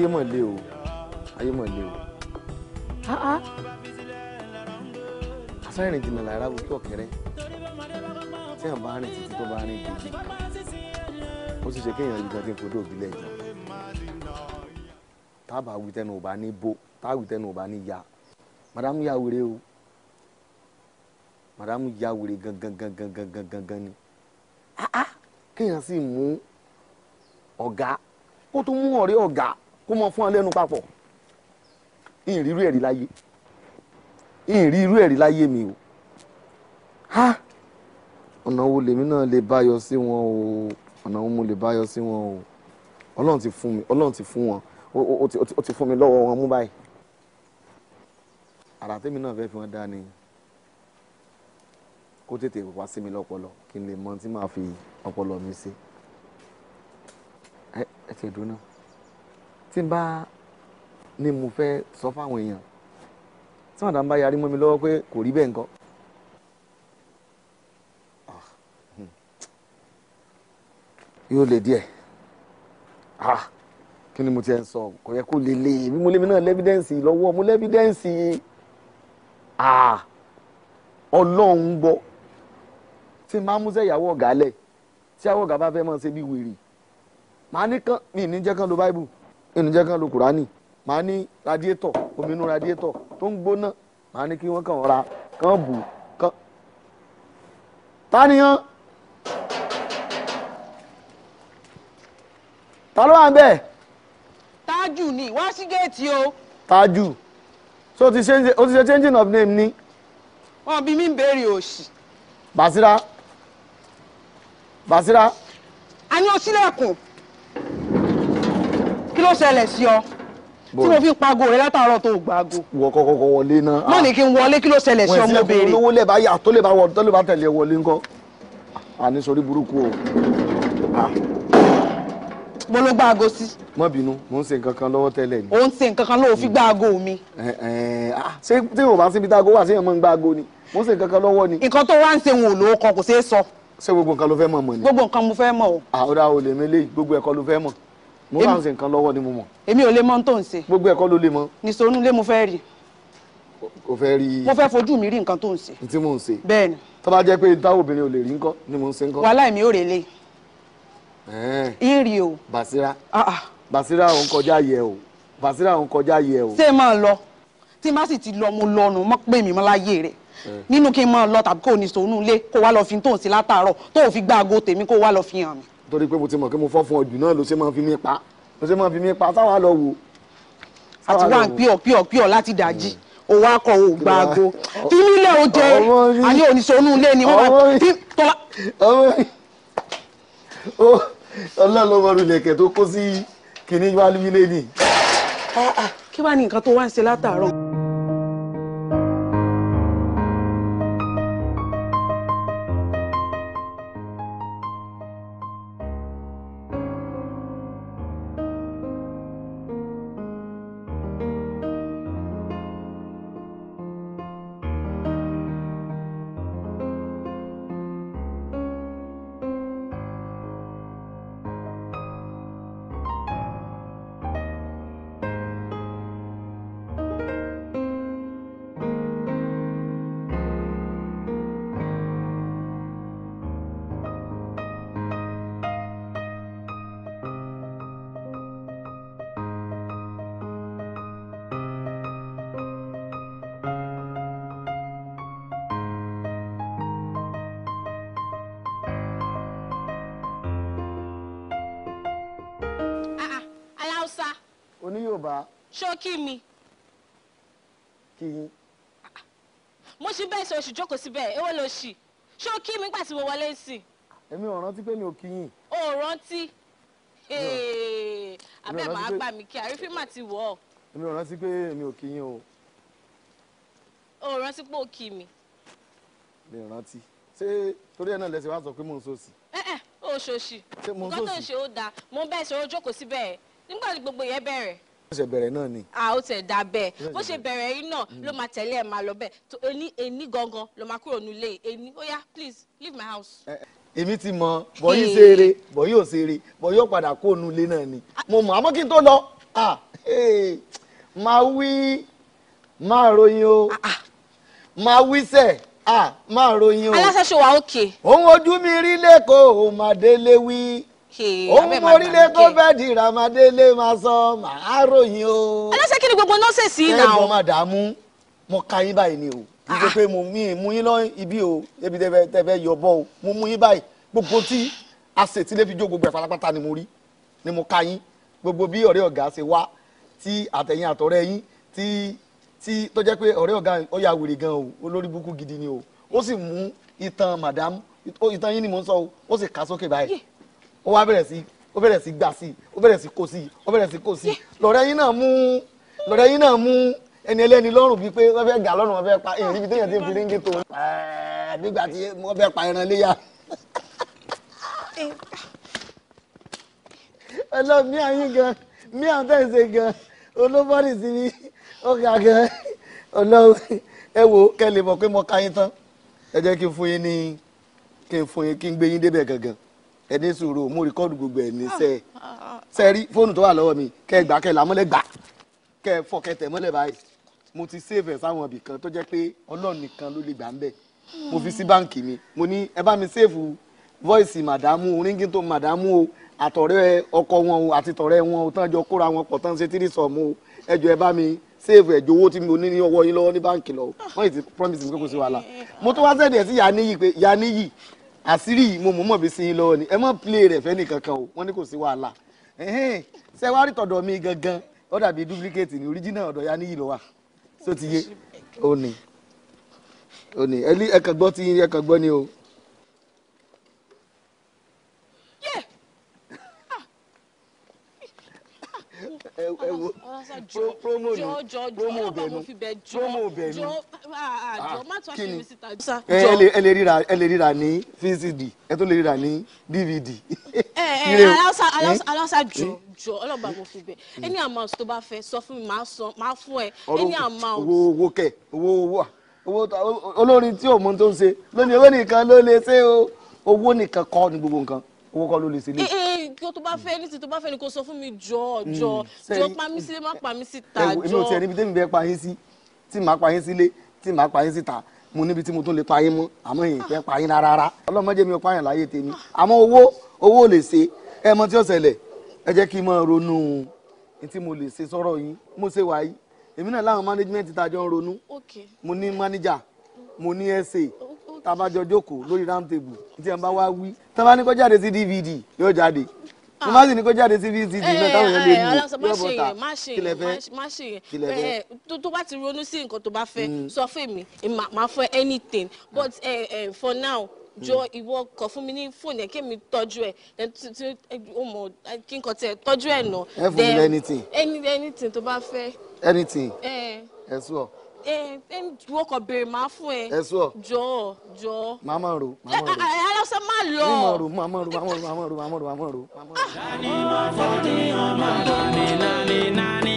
ayé mọ̀ lé o ayé mọ̀ lé o. asárìn jìnnà lára ojú ọ̀kẹ́rẹ́ tí à ń bá rìn títí tó bá rìn dèjì ó sì ṣe kéèyàn yìí gan tí n fodó òbí lẹ́jọ́ tábà wí tẹnu ò bá ní bó tábà tẹnu ò bá ní ya madamu ya wèrè o madamu ya wèrè gangan gangan gangan gangan ni kéèyàn sì mú ọ̀gá ó tún mú ọ̀rẹ́ ọ̀gá kó mọ fún ọ lẹ́nu papọ̀ ìrírú ẹ̀rí láyé ìrírú ẹ̀rí láyé mi o ha ọ̀nà wo lèmi náà lè báyọ sí wọn o ọ̀nà wo mo lè báyọ sí wọn o ọlọ́run ti fún mi ọlọ́run ti fún wọn ó ti fún mi lọ́wọ́ wọn mú báyìí àrà tèmi náà fẹ́ fi wọn dá ni kó tètè wá sí mi lọ́pọlọ kí n lè mọ tí màá fi ọpọlọ mi ṣe ẹ ẹ ti dùn náà tí n bá ní mo fẹ́ sọ fáwọn èèyàn tí màdàm bá yarí mọ́ mi lọ́wọ́ pé kò rí bẹ́ẹ̀ ńkọ́. Ah, hmm. yóò lè díẹ̀ ah, kí ni mo ti ẹ̀ ń sọ kò yẹ kó lè lè bí mo lè mi náà lẹ́bídẹ́ǹsì lọ́wọ́ mo lẹ́bídẹ́ǹsì ah, ọlọ́run gbọ́ tí n bá mú sẹ́ ìyàwó ọ̀gá lẹ̀ tí ìyàwó ọ̀gá bá fẹ́ mọ̀ ṣe bí wèrè màá ní kán mi ní jẹ́ kán lo báíbù ìnìjẹ́ kan lo kùránì màá ní radiétọ̀ omi inú radiétọ̀ tó ń gbóná màá ní kí wọ́n kàn ra kàn bù kàn. tániyàn ta ló wà ń bẹ̀. tájù ni wá sí géètì o. tájù so o ti ṣe changing of name ni. wọn bí mi ń béèrè òsì. Basira Basira. a ní o sílẹ̀kùn kí ló ṣẹlẹ̀ sí ọ tí mo fi pago rẹ látàárọ̀ tó gbàgo. wọ kọkọ kọ wọlé náà. mo ní kí n wọlé kí ló ṣẹlẹ̀ sí ọmọ béèrè. olówó lè bá yà tó lè bá wọ tó lè bá tẹ̀lé wọlé ńkọ́ àní sori burúkú o. Ah. mo ló gbàgo sí. má bínú mo ń ṣe nǹkan kan lọ́wọ́ tẹ́lẹ̀ ni. o ń ṣe nǹkan kan lọ́wọ́ fi gbàgo mi. Ah, ṣé tí o bá síbi tá a go wà sí ìyàmọ́ ń gbàgo ni mo ń ṣe nǹkan kan lọ́wọ́ ni. nǹkan tó wá ń se wọn ò lówó kan kò ṣeé sọ. ṣé gbogbo nǹkan ló fẹ́ o. àhọ́dà ah, olè mi lé gbogbo mo rà ń ṣe nǹkan lọ́wọ́ ni mo mọ̀. èmi ò lè mọ ohun tó ń ṣe. gbogbo ẹ̀kọ́ ló lè mọ. nìṣó onúlé mo fẹ́ rí. o fẹ́ rí. mo fẹ́ fojú mi rí nǹkan tó ń ṣe. tí mò ń ṣe. bẹ́ẹ̀ni. tó bá jẹ́ pé táwọn obìnrin ò lè rí nǹkan ni mò ń ṣe nǹkan. wàhálà èmi ò rè lé. ìrì o. Basira Basira òun kọjá yẹ o Basira òun kọjá yẹ o. ṣé máa lọ tí má sì ti lọ mo lọnu mọ pé mi mọ láyé rẹ nínú kí n máa lọ tàbí kò ní sònú ilé kó wá lọ fi tóun sí látàárọ̀ tóun fi gbá aago tèmi kó wá lọ fi hàn mí torí pé mo ti mọ̀ pé mo fọ́ fún ọdún náà ló ṣe máa fi mí pa ló ṣe máa fi mí pa sáwa lọ wò. àti wá ń píọ̀ píọ̀ píọ̀ láti dàjí òwò akọ òwò gba ago fi mí o jẹ àní oníṣonú ilé ni wọ́n bá fi tọ́lá. ọlọ́lọ́mọdún lẹ̀kẹ̀ tó kó sí kìnìún wálé ilé ni. Ah, ah, kí wàá ní nǹkan tó wá ń ṣe látàárọ̀. ṣó kí mi. kí yín. mo ṣí bẹ́ẹ̀ sọ oṣù jókòó síbẹ̀ èwo ló ṣì ṣó kí mi gbà tí mo wọlé sí. èmi ò rántí pé mi ò kí yín. o ò rántí abẹ́ màá gbà mí kí àrífín mà ti wọ̀ ọ́. èmi ò rántí pé mi ò kí o. o ò rántí pé o kí mi. mi ò rántí ṣé torí ẹ náà lẹsẹ wá sọ pé mò ń sòsì. ẹ ẹ o ṣòṣì nǹkan tó ń ṣe ó dáa mo bẹ́ẹ̀ sọ ojókòó síbẹ̀ nígbà tí gbogbo yẹn bẹ̀rẹ̀ ó ṣe bẹ̀rẹ̀ náà ni. a ó tẹ̀ dá bẹ́ẹ̀ bó ṣe bẹ̀rẹ̀ yìí náà mm. ló máa tẹ̀lé ẹ̀ máa lọ bẹ́ẹ̀ tó ení ení gangan ló máa kúrò nílé ení ó yá please leave my house. èmi ti mọ bọyí ṣeré bọyí ò ṣeré bọyí ò padà kó nu ilé náà ni mo mọ àmọ́ kí n tó lọ máa wí máa ròyìn o máa wí sẹ́ẹ̀ máa ròyìn o aláṣẹ ṣe wà ókè. òun ojú mi rí lẹ́kọ̀ọ́ òun máa délé wí òun mo rí lé tó fẹ́ di máa sọ màá ròyìn o. ẹlẹ́sẹ̀ kí ni gbogbo nọ́ọ̀sẹ̀sì yìí náà. ẹ máa dààmú mo ka yín báyìí ni o nígbà ah. pé mo mi mú yín lọ ibi o ebi tẹ yọ bọ́ o mo mú yín báyìí gbogbo tí a ṣe tí lè fi jó gbogbo ẹ̀ pátápátá ni mo rí ni mo ka yín gbogbo bí ọ̀rẹ́ ọ̀gá ṣe wá tí àtẹ̀yìn àtọ̀rẹ́ yín tí tí tó jẹ́ pé ọ̀rẹ́ ọ̀gá ó ya wèrè gan o olórí burúkú gidi ni o ó sì mú ìtàn madam ìtàn yín ni mo ń sọ o ó sì kà sókè báyìí ó wá bẹ̀rẹ̀ sí ó bẹ̀rẹ̀ sí gbà sí ó bẹ̀rẹ̀ sí kó sí ó bẹ̀rẹ̀ sí kó sí lọ́rẹ́ yín náà mú lọ́rẹ́ yín náà mú ẹni ẹlẹ́ni lọ́rùn bíi pé wọ́n fẹ́ gà lọ́rùn wọ́n fẹ́ pa èyí ibi téèyàn ti fi ríngì tó nígbà tí wọ́n fẹ́ pa ẹran léyà. ọlọ́run mí àyín gan mí àwọn tẹ̀ ṣe gan olóbọ́ọ̀lì sí mi ó ga gan ọlọ́run ẹ wo kẹ́ mọ̀ pé mo ka yín tán ẹ jẹ́ kí n fún yín ní kí n fún yín kí n gbé yín débẹ̀ gangan ẹni sùúrù mo rìkọ́dù gbogbo ẹ̀ ní sẹ́ ẹ sẹ́ rí fóònù tó wà lọ́wọ́ mi kẹ́ ẹ gbà kẹ́ ẹ làmọ́lẹ̀ gbà kẹ́ ẹ fọ́ kẹ́ ẹ tẹ̀ mọ́lẹ̀ báyìí mo ti save ẹ̀ sáwọn ibì kan tó jẹ́ pé ọlọ́run nìkan ló lè gbà ń bẹ̀ mo fi sí báǹkì mi mo ní ẹ bá mi save voice màdàmú ringing tone màdàmú o àtọ̀rẹ́ ọkọ wọn o àti tọ̀rẹ́ wọn o tán jọ kóra wọn pọ̀ tán ṣe tírí sọ̀mù o ẹ jọ̀ọ́ ẹ bá mi save ẹ̀jọ̀ owó tí mo ní ní ọwọ́ yín lọ́wọ́ ní báǹkì lọ wọ́n yìí ti promise mi kókò sí wàhálà mo tún wá sẹ́ẹ̀dì ẹ̀ sí Yaniyi pé Yaniyi àṣírí yìí mo mọ̀ mọ̀ bí sí lọ́wọ́ ni ẹ má play rẹ̀ fẹ́ nìkankan o wọ́n ní kò sí wàhálà ṣe wá rí tọ̀dọ̀ mi gangan ó dàbí duplicate ni original ọ̀dọ̀ ya níyì ló wà só ti yé ó ní ó ní ẹ kàn gbọ́ ti ẹ kàn gbọ́ ni o. ẹwọ promo nu promo bẹnu promo bẹnu kini ah, ah, ah, ẹ ẹ lè ríra ẹ lè ríra ní vcd ẹ tó lè ríra ní dvd. ẹ ẹ aláṣà jọ jọ ọlọ́ba mo fi bẹ̀ hmm. any amount tó bá fẹ́ sọ fún mi máa sọ máa fún ẹ any amount. owó owó kẹ owó owó olórin tí òun tó ń ṣe lónìí owó nìkan ló lè ṣe o owó nìkan kọ́ ni gbogbo nǹkan owó kọ́ ló lè ṣe lè. ee eh, eh, kí o tó bá hmm. fẹ́ ní ti tó bá fẹ́ ni kò sọ fún mi jọ hmm. jọ jọ pa mí sílé má pa mí síta jọ. èmi ò tiẹ̀ níbi tẹ́mi bẹ́ẹ̀ pa yín sí tí màá pa yín sílé tí màá pa yín síta mo níbi tí mo tún lè pa yín mọ́ àmọ́ yìí fẹ́ pa yín rárá ọlọ́mọdé mi ò pààyàn láyé tèmi àmọ́ owó owó lè ṣe ẹ mọ tí ó ṣẹlẹ̀ ẹ jẹ́ kí n máa ronú tí mo lè ṣe sọ́rọ̀ yín mo ṣe wáyé èmi náà láwọn management tá a jọ ń ronú mo ní manager mo ní ẹsẹ̀ tá a bá jọ jókòó lórí round table tí ẹ bá wá wí tí wọn bá ní kó jáde sí dvd yóò jáde wọn bá sì ní kó jáde sí dvd náà eh, táwọn eh, eh, yẹn lè mú yóò bọ́ta kílẹ̀ fẹ́ kílẹ̀ fẹ́. tó bá ti ronú sí nǹkan tó bá fẹ́ mm. sọ fún mi màá fẹ́ anything but for now mm. jọ ìwọ kọ fún mi ní fóònù ẹ kí mi tọ́jú ẹ ó mọ kí n kọ tiẹ tọ́jú ẹ nà. ẹ fún mi anything. anything tó bá fẹ́. anything ẹ sọ ẹ ẹ wọ́n kọ̀ béèrè máa fún ẹ. ẹ sọ jọ jọ. màmá ro màmá ro. ẹ aláṣẹ má lọ. màmá ro màmá ro màmá ro màmá ro màmá ro màmá ro. sani mo fọ́ ní ọmọ tó ní nání nání.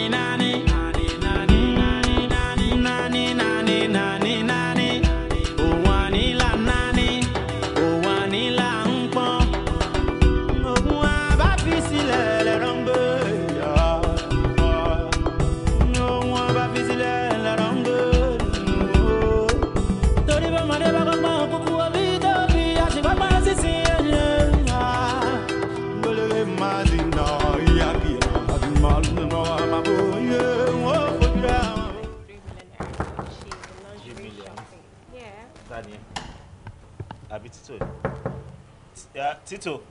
Tito.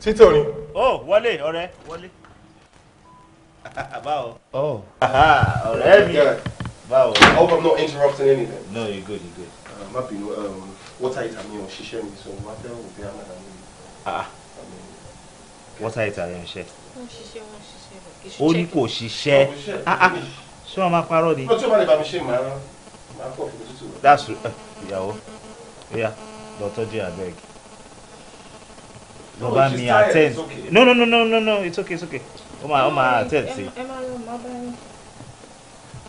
Tito. ni. ó wọlé ọ̀rẹ́ wọlé. báwo. oh. ọ̀rẹ́ mi. báwo. I hope I'm not interrupting anything. no you're good you're good. Uh, má bínú um, water heater mi ò ṣiṣẹ́ mi so má fẹ́ wò bí alága mi. Ah, ah. water heater yẹn ṣe. wọ́n ṣiṣẹ́ wọ́n ṣiṣẹ́. ó ní ah. ṣiṣẹ́ ah. ṣé wọ́n máa parọ́ ni. ọtí ó má lè bá mi ṣe ìmọ̀ràn máa kọ̀ fún mi tútù. that's uh, ìyàwó ó yá lọ tọ́jú àbẹ́ẹ̀gì ló bá mi attend no no no no no no it's okay it's okay ó máa ó máa attend sí.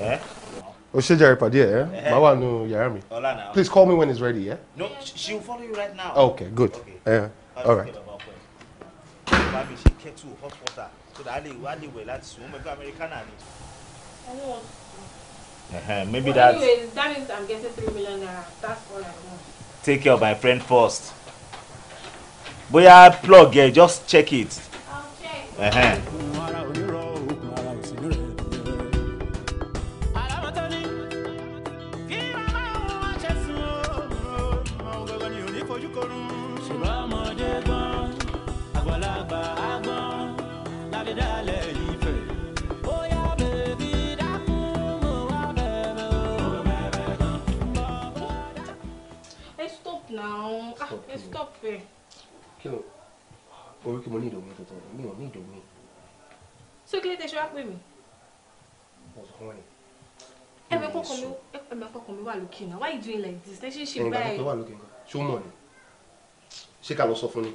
Eh? o ṣe jàre pàdé ẹ eh? eh. máa wà nù yàrá mi please call me when it's ready. Yeah? no she will follow you right now. Ah, okay good okay. Uh, all right. Uh-huh, maybe well, that's. Anyways, that means I'm getting three million naira. That's all I want. Take care of my friend first bóyá plug ẹ just check it. Okay. Hey, stop now. Ah, stop it orí kí mo ní ìdòmí tuntun mi ò ní ìdòmí. sókè tẹ ṣe wá pè mí. mo sọ fún wọn ni. ẹ mẹ kọkàn mi ẹ kọkàn mi wà lókè náà why you doing like this lẹ́sìn ṣe báyìí. ẹnìkan tó wà lókè náà ṣó mọ̀ ni ṣé ká lọ sọ fún ni.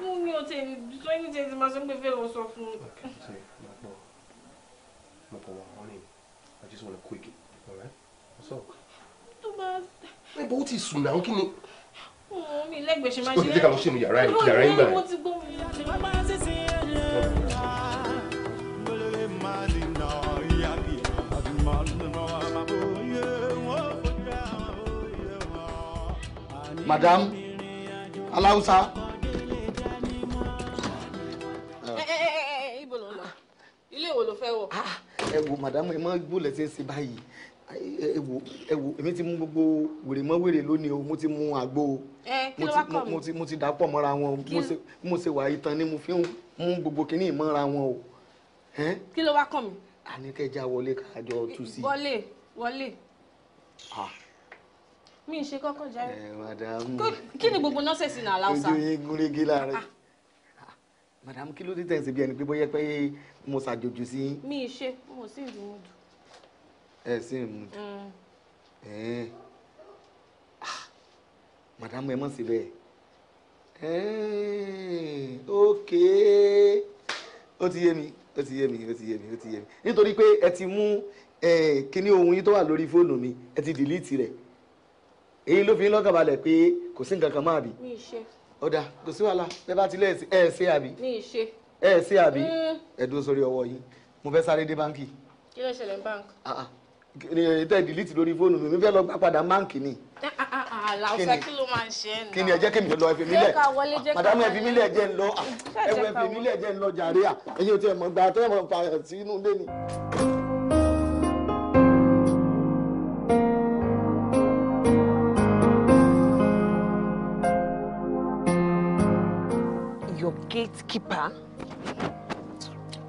mú mi ò tẹ̀lé sọ ẹni tẹ̀lé máa sọ pé fẹ́ lọ sọ fún mi. ṣe wà wọ́n ni I just wanna quick it all right what's up. tó bá. ẹ bọ́ ó ti sùn náà kí ni. Oh, ṣe máa ṣe. ó ti jẹ́ yàrá yìí yàrá yìí gbà madam aláwùsá. Eh, eh, eh, ibo ilé ìwò ló fẹ́ wọ̀. Ah, ẹ wo madam ẹ máa gbólẹ̀ ṣe é báyìí ẹwò ẹwò èmi ti mú gbogbo wèrè mọ́ lónìí o mo ti mú àgbo o mo ti dà pọ̀ mọ́ra wọn mo ṣe wà ìtàn ni mo fi ń mú gbogbo kínní mọ́ra wọn o. kí ló wá kàn mí. àníkẹ́já wọlé kájọ tú sí. wọlé wọlé. mi ì ṣe kọ́kọ́ járe. kí ni gbogbo nọ́ọ̀sẹ̀sì náà láwùsà. ojú yín gúnrégé láàárẹ̀ ah. madam kí ló dé tẹ̀sí bí ẹni pé bóyá pé mo ṣàjòjì sí. mi ì ṣe mo sì ń dùn ún dùn ẹ sì ń mu jù màdàmú ẹ mọ̀ síbẹ̀ ok ó ti yé mi ó ti yé mi ó ti yé mi ó ti yé mi nítorí pé ẹ ti mú kíní ohun yín tó wà lórí fóònù mi ẹ ti dìlítì rẹ̀ èyí ló fi ń lọ́kàn balẹ̀ pé kò sí nǹkan kan máa bì. mi ṣe. ọ̀dà kò sí wàhálà bẹ́ẹ̀ bá tilẹ̀ ẹ ṣe àbí. ẹ ṣe àbí mm. ẹ dúró sórí ọwọ́ yín mo fẹ́ sáré dé báńkì. kí ló ṣẹlẹ̀ ní báńkì. Ah, ah tẹ́ dìlítì lórí fóònù mi mi fẹ́ lọ gbà padà máǹkì ni. àlàófẹ́ kí ló máa ń ṣe é nà. kí ni ẹ jẹ́ kí mi lọ ẹ fi mí lẹ̀ màdámù ẹ fi mí lẹ̀ jẹ́ ń lọ ẹwọ ẹ fi mí lẹ̀ jẹ́ ń lọ jàre à ẹ̀yin ò tiẹ̀ mọ̀ gbà tẹ́ mọ̀ fà sínú ilé ni. Your gatekeeper.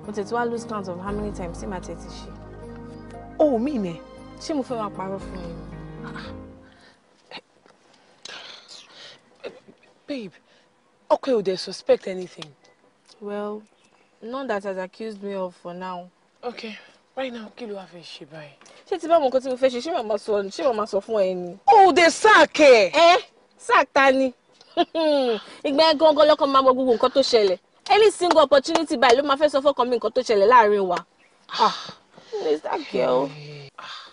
mo tètè wá lose count of how many times sí màá tètè ṣe o oh, ò mí ìnẹ. ṣé mo fẹ́ máa parọ́ fún yín. babe okay, ẹ ò suspect anything. well none that has accused me of for now. okay right now kí ló wàá fẹ́ ṣe báyìí. ṣé ti bá mọ nǹkan tí mo fẹ́ ṣe ṣé màmá sọ ṣé màmá sọ fún ẹ ni. o ò sack ẹ. ẹ sack ta ni ìgbà yẹn gangan lọ́kàn máa mọ gbogbo nǹkan tó ṣẹlẹ̀ any single opportunity báyìí ló máa fẹ́ sọ fọ́kàn mi nǹkan tó ṣẹlẹ̀ láàrin wa. Ah is that girl? Ah,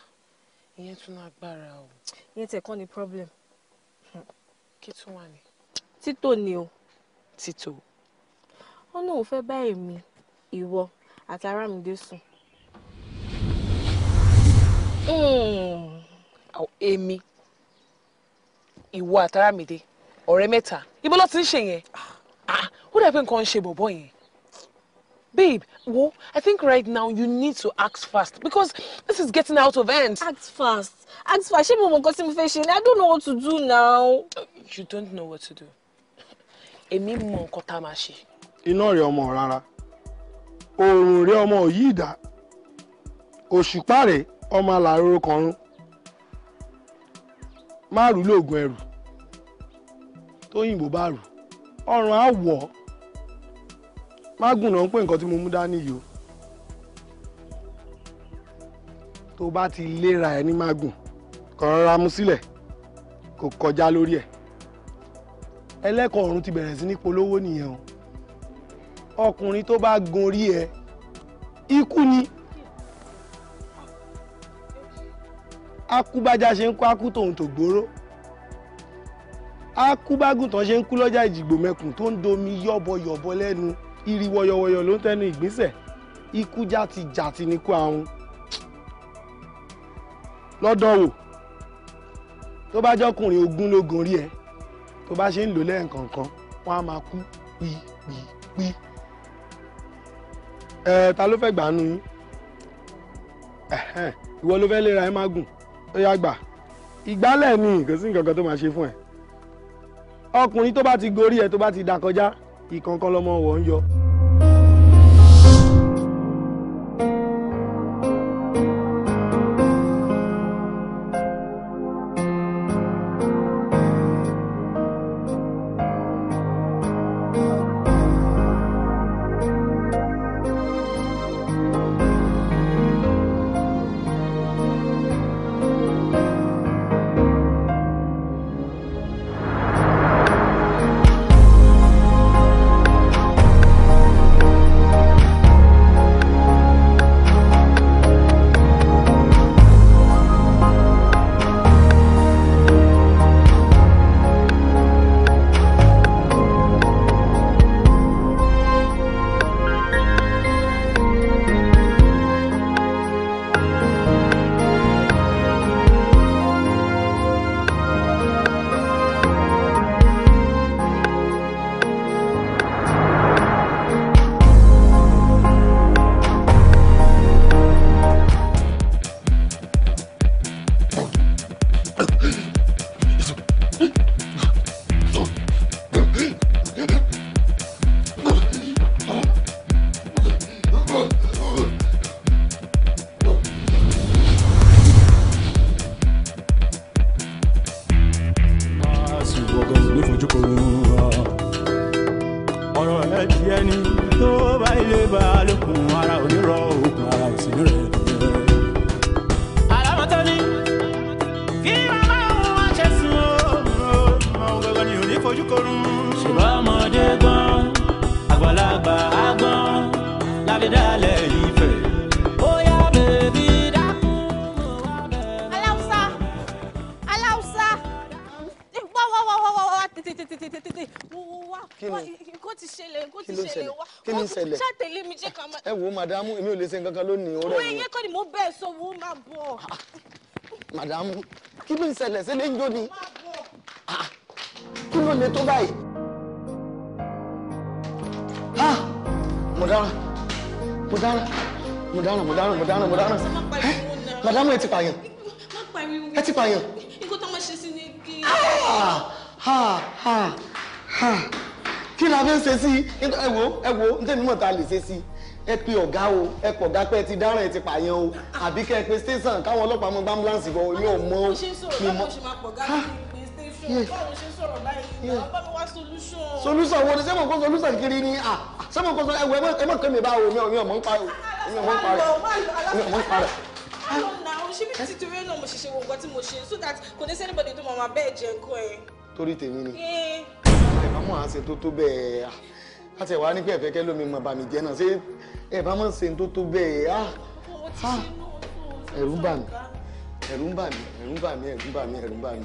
ìyẹn tún lágbára o. Ìyẹn tẹ̀ kọ́ ni problem. Hmm. Kí tún wà ní? Títò ni o. Títò. Ó náà fẹ́ bá èmi, ìwọ àti Arámidé sùn. Hmm. Èmi, ìwọ àti Arámidé, ọ̀rẹ́ mẹ́ta, ibo ló ti ń ṣe yẹn? Ah. Ah, ó dàbí nǹkan ń ṣe bọ̀bọ̀ yẹn babe, well, I think right now you need to act fast because this is getting out of hand. Act fast. Act fast. Ṣé mo mọ̀ nǹkan I don't know what to do now. You don't know what to do. Emi mo nǹkan tá a máa ṣe. Iná rẹ̀ ọmọ rárá. Oòrùn rẹ̀ ọmọ òyì ìdá. Òṣùpá rẹ̀ ọmọ àlàró kọrún. Má rù lóògùn mágùn náà ń pè nǹkan tí mo mú dání yìí o tó bá ti léra ẹ ní mágùn kàn rọra mu sílẹ̀ kò kọjá lórí ẹ̀ ẹlẹ́kọ̀ọ́ ọ̀run ti bẹ̀rẹ̀ sí ní polówó nìyẹn o ọkùnrin tó bá gun orí ẹ ikú ni akúbájá ṣe ń kó akú tòun tó gbóró akúbágùntàn ṣe ń kú lọ́jà ìjìgbò mẹ́kùn tó ń domi yọ̀bọ̀yọ̀bọ̀ lẹ́nu ìrì wọ̀yọ̀wọ̀yọ̀ ló ń tẹnu ìgbínsẹ̀ ikú játi jàti ní kú àrùn lọ́dọ̀ wò tó bá jọkùnrin ogún lógun rí ẹ tó bá ṣe ń lò lẹ́ẹ̀kọ̀ọ̀kan wọ́n á máa kú pí pí pí ẹ ta ló fẹ́ gbàánu yín ìwọ ló fẹ́ lera ẹ má gùn ó yá gbà ìgbálẹ̀ ni kò sí nǹkan kan tó máa ṣe fún ẹ ọkùnrin tó bá ti gorí ẹ tó bá ti dà kọjá ìkankan lọmọ wọn ń yọ. alálẹ̀ ìfẹ́. Oya bèbí dákun mo wá bẹ̀rẹ̀. Aláùsá Aláùsá wá wá wá wá wá wá tètè tètè tètè tètè wá mi jẹ́ ká wo màdámù èmi ò lè ṣe nǹkan kan lónìí ó rẹ̀ mi. Wọ́n yẹ kọ́ ni mo bẹ́ẹ̀ sọ wo máa bọ̀. Màdámù kí ló ń ṣẹlẹ̀ ṣe lè ń jó ni ah, kí ló le tó báyìí. Ah, mo mo dáná mo dáná mo dáná mo dáná mo dáná ẹ màdámù ẹ ti pààyàn ẹ ti pààyàn. ni kí. kí la fẹ́ ṣe sí ẹ wo ẹ wo n tẹ́ni mọ̀ ta lè ṣe sí ẹ pe ọ̀gá o ẹ pọ̀ ọ̀gá pé ẹ ti dáràn ẹ ti pààyàn o àbí kẹ́ ẹ pe station káwọn ọlọ́pàá mọ gbàmbúláǹsì bọ̀ ilé ọmọ mi mọ solution wo ni ṣé kó solution kiri ni ah ṣé kó sọ ẹwọ ẹ mọ kẹmi bá o mi ò mi ò mọ ń pa mi ò mọ ń pa mi ò mọ ń pa torí so that kò ní sẹ́ni bọ́dẹ̀ tó mọ̀ máa bẹ́ẹ̀ tèmi ni ẹ bá mọ̀ à ń ṣe tó tó bẹ́ẹ̀ láti ah, ẹ̀wá ní pé ẹ̀fẹ́ kẹ́ lómi mọ̀ bàmí jẹ́ náà ṣé ẹ bá mọ̀ ṣe tó tó bẹ́ẹ̀ ah, ah. ẹ̀rù ń bà mí ẹ̀rù bà mí ẹ̀rù bà mí ẹ̀rù bà mí ẹ̀rù bà mí.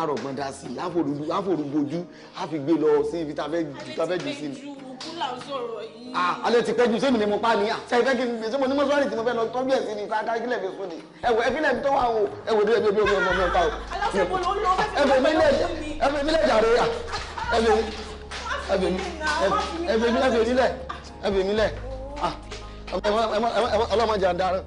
àrògbọ́n dá sí i àforúgbójú á fi gbé lọ sí ibi tá a fẹ́ jù sí i. alẹ́ ti pẹ́jù sẹ́mi ni mo pa ni àtẹ̀fẹ́ kí n gbèsè mo ní mọ́ṣúárì tí mo fẹ́ lọ tọ́jú ẹ̀ sí ni ká kílẹ̀ fi sùn ni ẹ̀wọ̀ ẹ̀fílẹ̀ mi tó wà o ẹ̀wọ̀ dé ẹ̀bí ẹ̀bí ọmọ ọmọ ọ̀tá o. ẹ̀bẹ̀ mi lẹ̀ jàre ẹ̀bẹ̀ mi ẹ̀bẹ̀ o, ẹ̀bẹ̀ mi lẹ̀ ẹ̀bẹ̀ mi lẹ̀ ọlọ́mọdé àdáràn.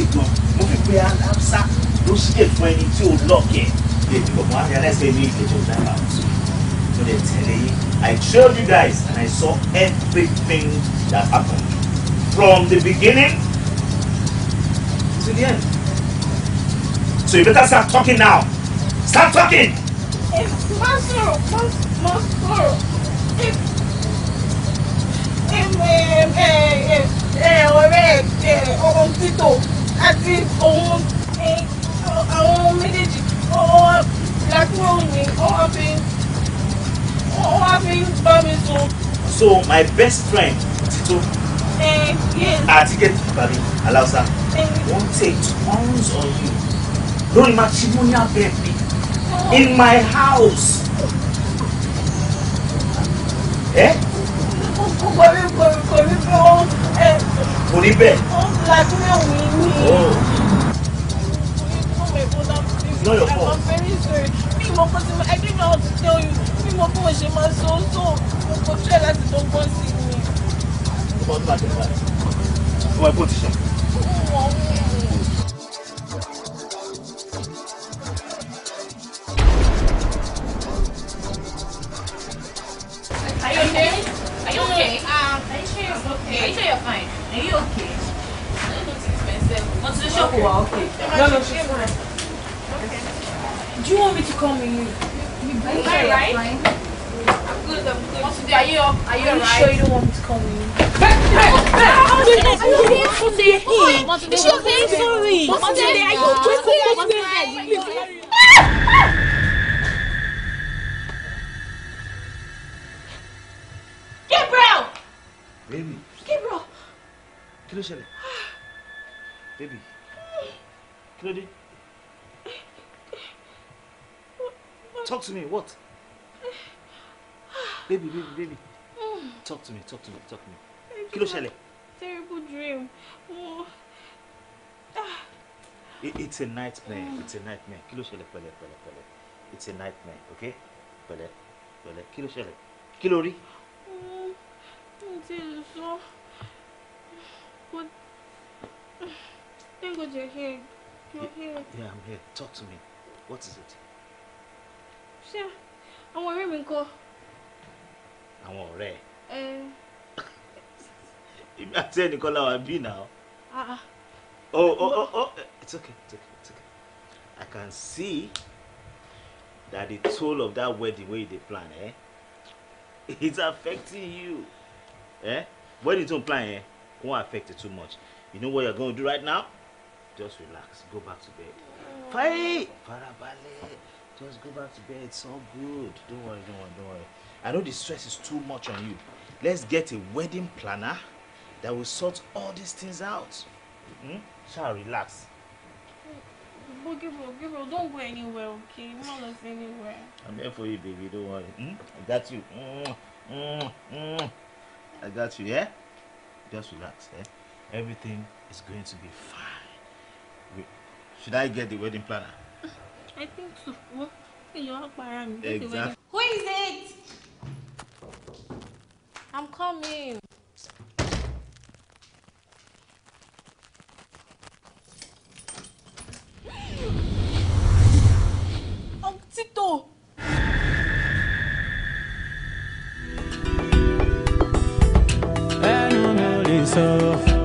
ìtàn mo fi pe alamsa ló ṣe fún ẹni tí ò lọ́ọ̀kẹ́ èmi kò àti ẹlẹ́sẹ̀ ní ìkejì ọ̀dà bá so they I showed you guys and I saw everything that happened from the beginning to the end so you better start talking now start talking. má sọ̀rọ̀ má sọ̀rọ̀ ọ̀rẹ́ eh, ohun títò àti òun àwọn méjèèjì ọwọ́ làkúrò mi ọwọ́ fi ọwọ́ fi bá mi sùn. so my best friend Tito àtikẹ́ tàbí aláwùsá wọ́n take turns on you lórí matrimonial bed mi in my house. Eh? kò rí bẹ́ẹ̀. ó ń lajú ẹ̀wọ̀n It's your fault. I'm very sorry. Me, my cousin, I don't know how to tell you. Me, my phone, she must so so. My country, I like don't go see me. Come on, back, back. Why put it? Are you okay? Are you okay? Um, are you sure you're okay? Are you sure you're fine? Are you okay? Onto the shop okay. Well, okay. No, no, she's fine. Okay. Do you want me to come with you? You are you sure right? I'm good, I'm good. What's the? Are you up? Are you alright? Are you sure you don't want me to come with you? Hey, hey, hey! Are you okay? Monday, is she okay? Sorry. Monday, are you okay? Monday, are you okay? Gabriel! Baby. Gabriel! Kí ló ṣẹlẹ̀? Baby, kí Talk to me, what? Baby, baby, baby. Talk to me, talk to me, talk to me. Kilo, ló Terrible dream. Oh. Ah. it's a nightmare, it's a nightmare. Kilo, ló pele, pele, pele. It's a nightmare, okay? pele, pele. Kilo, ló Kilo, Kí ló rí? Mo ti sọ. Thank God you're here. You're yeah, here. Yeah, I'm here. Talk to me. What is it? Ṣé I'm worried, Minko. I'm worried. Àwọn If I tell àti ẹnìkan la wà bí náà. Ah, ah. Oh, oh, oh, oh. It's okay, it's okay, it's okay. I can see that the toll of that wedding wey they plan, eh? It's affecting you. Eh? Wedding tó ń plan, eh? Won't affect it too much. You know what you're going to do right now? just relax go back to bed faye farabalẹ̀ just go back to bed it's all good don't worry don't worry don't worry i know the stress is too much on you let's get a wedding planner that will sort all these things out hmm? shall relax. Give, But give, Gabriel, don't go anywhere, okay? You're not anywhere. I'm here for you, baby. Don't worry. Mm? I got you. Mm, mm, mm. I got you, yeah? Just relax, eh? Everything is going to be fine. Wait, should I get the wedding planner? I think so. What? Exactly. Who is it? I'm coming. Ẹnu mi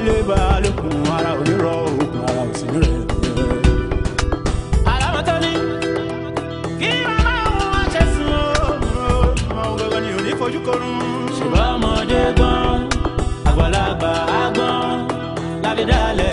ilé balùkùn ara onírọ̀ òkun ara òsì rẹ̀. alámọ̀tọ́ ni gan àgbàlagbà á gbọ́n